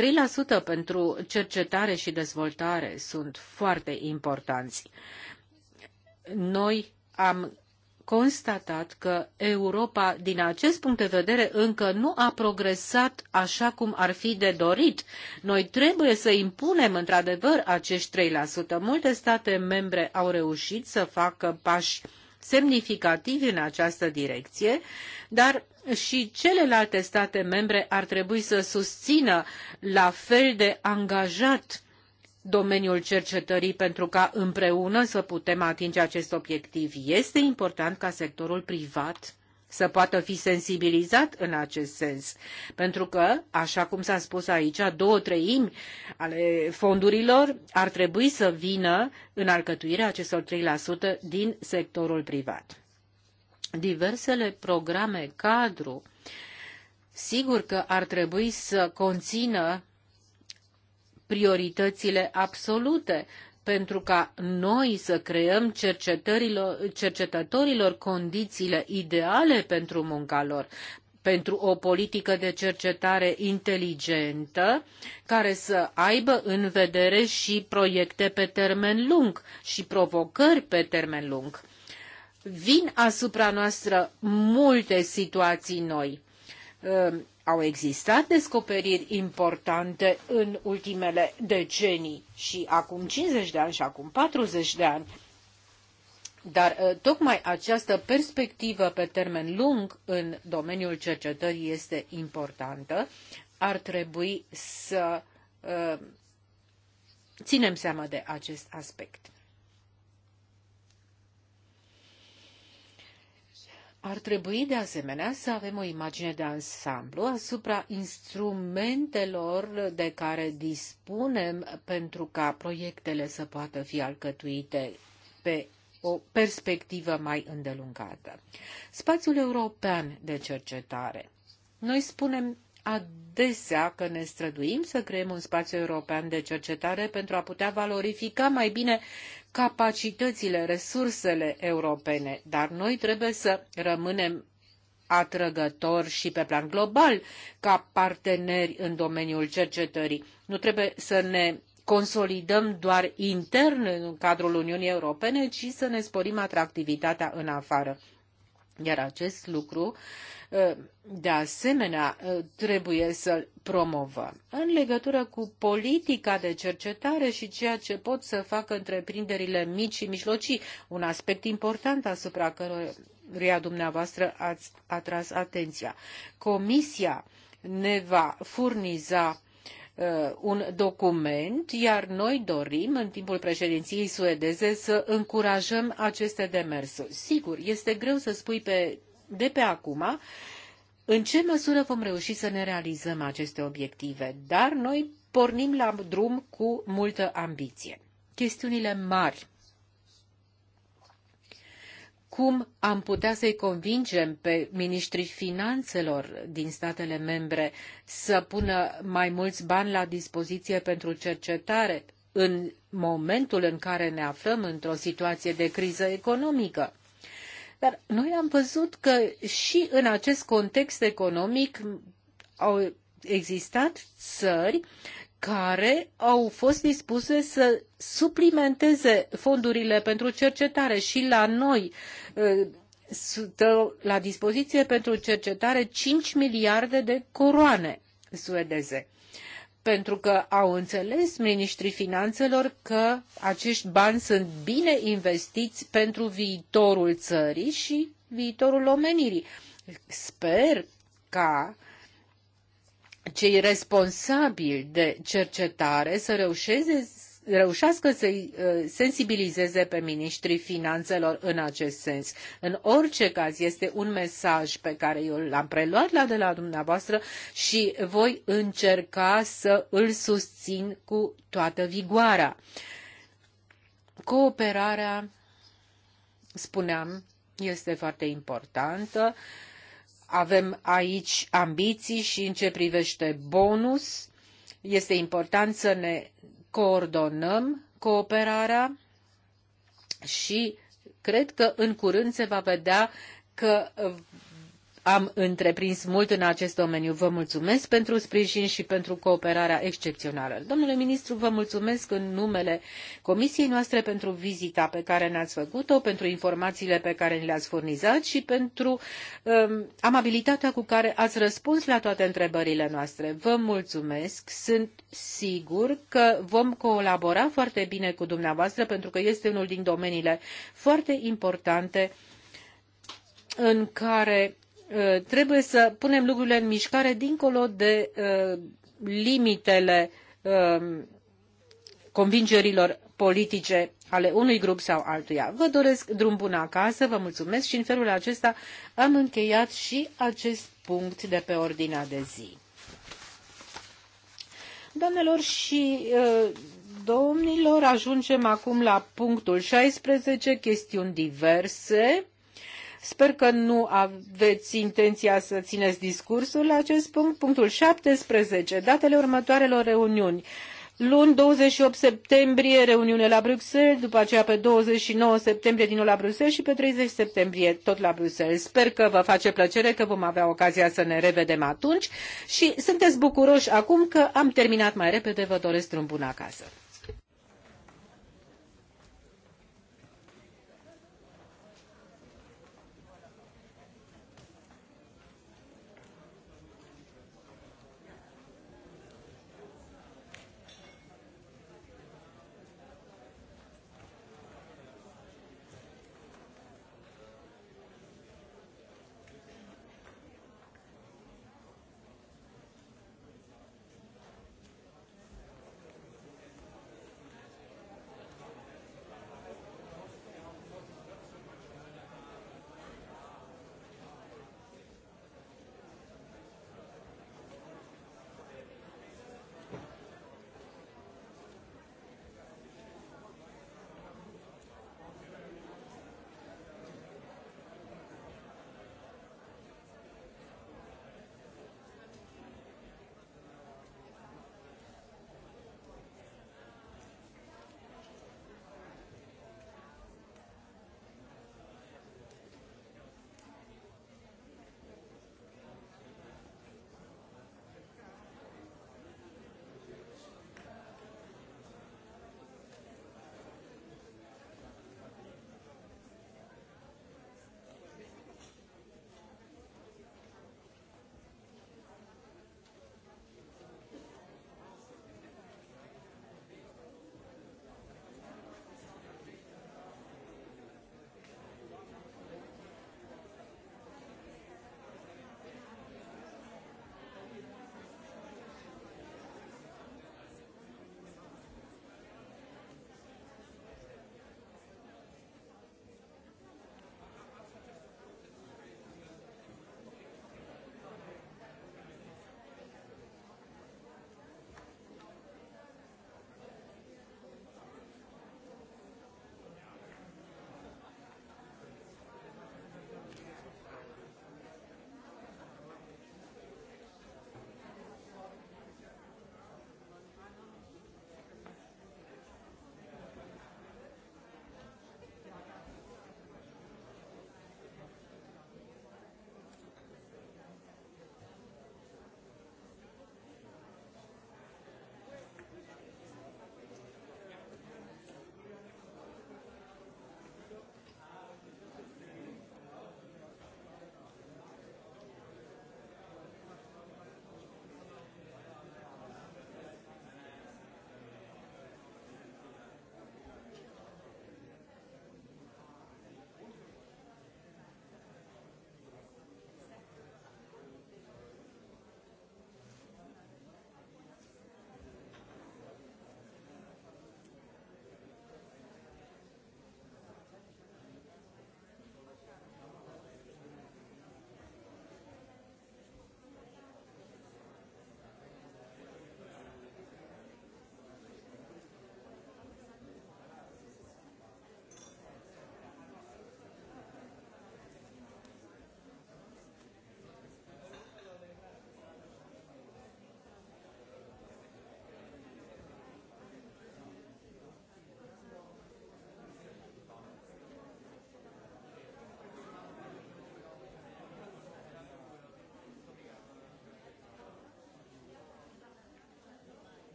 3% pentru cercetare și dezvoltare sunt foarte importanți. Noi am constatat că Europa, din acest punct de vedere, încă nu a progresat așa cum ar fi de dorit. Noi trebuie să impunem, într-adevăr, acești 3%. Multe state membre au reușit să facă pași semnificativi în această direcție, dar și celelalte state membre ar trebui să susțină la fel de angajat domeniul cercetării pentru ca împreună să putem atinge acest obiectiv. Este important ca sectorul privat să poată fi sensibilizat în acest sens. Pentru că, așa cum s-a spus aici, două treimi ale fondurilor ar trebui să vină în alcătuirea acestor 3% din sectorul privat. Diversele programe cadru, sigur că ar trebui să conțină prioritățile absolute pentru ca noi să creăm cercetătorilor condițiile ideale pentru munca lor, pentru o politică de cercetare inteligentă care să aibă în vedere și proiecte pe termen lung și provocări pe termen lung. Vin asupra noastră multe situații noi ă, au existat descoperiri importante în ultimele decenii și acum 50 de ani și acum 40 de ani. Dar ă, tocmai această perspectivă pe termen lung în domeniul cercetării este importantă. Ar trebui să ă, ținem seama de acest aspect. Ar trebui de asemenea să avem o imagine de ansamblu asupra instrumentelor de care dispunem pentru ca proiectele să poată fi alcătuite pe o perspectivă mai îndelungată. Spațiul european de cercetare. Noi spunem adesea că ne străduim să creăm un spațiu european de cercetare pentru a putea valorifica mai bine capacitățile, resursele europene, dar noi trebuie să rămânem atrăgători și pe plan global ca parteneri în domeniul cercetării. Nu trebuie să ne consolidăm doar intern în cadrul Uniunii Europene, ci să ne sporim atractivitatea în afară. Iar acest lucru, ă, de asemenea, ă, trebuie să-l promovăm. În legătură cu politica de cercetare și ceea ce pot să facă întreprinderile mici și mijlocii, un aspect important asupra căruia dumneavoastră ați atras atenția. Comisia ne va furniza Uh, un document, iar noi dorim, în timpul președinției suedeze, să încurajăm aceste demersuri. Sigur, este greu să spui pe, de pe acum în ce măsură vom reuși să ne realizăm aceste obiective, dar noi pornim la drum cu multă ambiție. Chestiunile mari cum am putea să-i convingem pe ministrii finanțelor din statele membre să pună mai mulți bani la dispoziție pentru cercetare în momentul în care ne aflăm într-o situație de criză economică. Dar noi am văzut că și în acest context economic au existat țări care au fost dispuse să suplimenteze fondurile pentru cercetare și la noi uh, stă la dispoziție pentru cercetare 5 miliarde de coroane suedeze. Pentru că au înțeles ministrii finanțelor că acești bani sunt bine investiți pentru viitorul țării și viitorul omenirii. Sper ca uh, cei responsabili de cercetare să reușeze, reușească să uh, sensibilizeze pe ministrii finanțelor în acest sens. În orice caz, este un mesaj pe care eu l-am preluat la de la dumneavoastră și voi încerca să îl susțin cu toată vigoarea. Cooperarea, spuneam, este foarte importantă. Uh, avem aici ambiții și în ce privește bonus. Este important să ne coordonăm cooperarea și cred că în curând se va vedea că am întreprins mult în acest domeniu. Vă mulțumesc pentru sprijin și pentru cooperarea excepțională. Domnule ministru, vă mulțumesc în numele comisiei noastre pentru vizita pe care ne-ați făcut-o, pentru informațiile pe care ni le-ați furnizat și pentru um, amabilitatea cu care ați răspuns la toate întrebările noastre. Vă mulțumesc. Sunt sigur că vom colabora foarte bine cu dumneavoastră pentru că este unul din domeniile foarte importante în care Uh, trebuie să punem lucrurile în mișcare dincolo de uh, limitele uh, convingerilor politice ale unui grup sau altuia. Vă doresc drum bun acasă, vă mulțumesc și în felul acesta am încheiat și acest punct de pe ordinea de zi. Doamnelor și domnilor, ajungem acum la punctul 16, chestiuni diverse. Sper că nu aveți intenția să țineți discursul la acest punct. Punctul 17. Datele următoarelor reuniuni. Luni 28 septembrie reuniune la Bruxelles, după aceea pe 29 septembrie din nou la Bruxelles și pe 30 septembrie tot la Bruxelles. Sper că vă face plăcere că vom avea ocazia să ne revedem atunci și sunteți bucuroși acum că am terminat mai repede. Vă doresc drum bun acasă.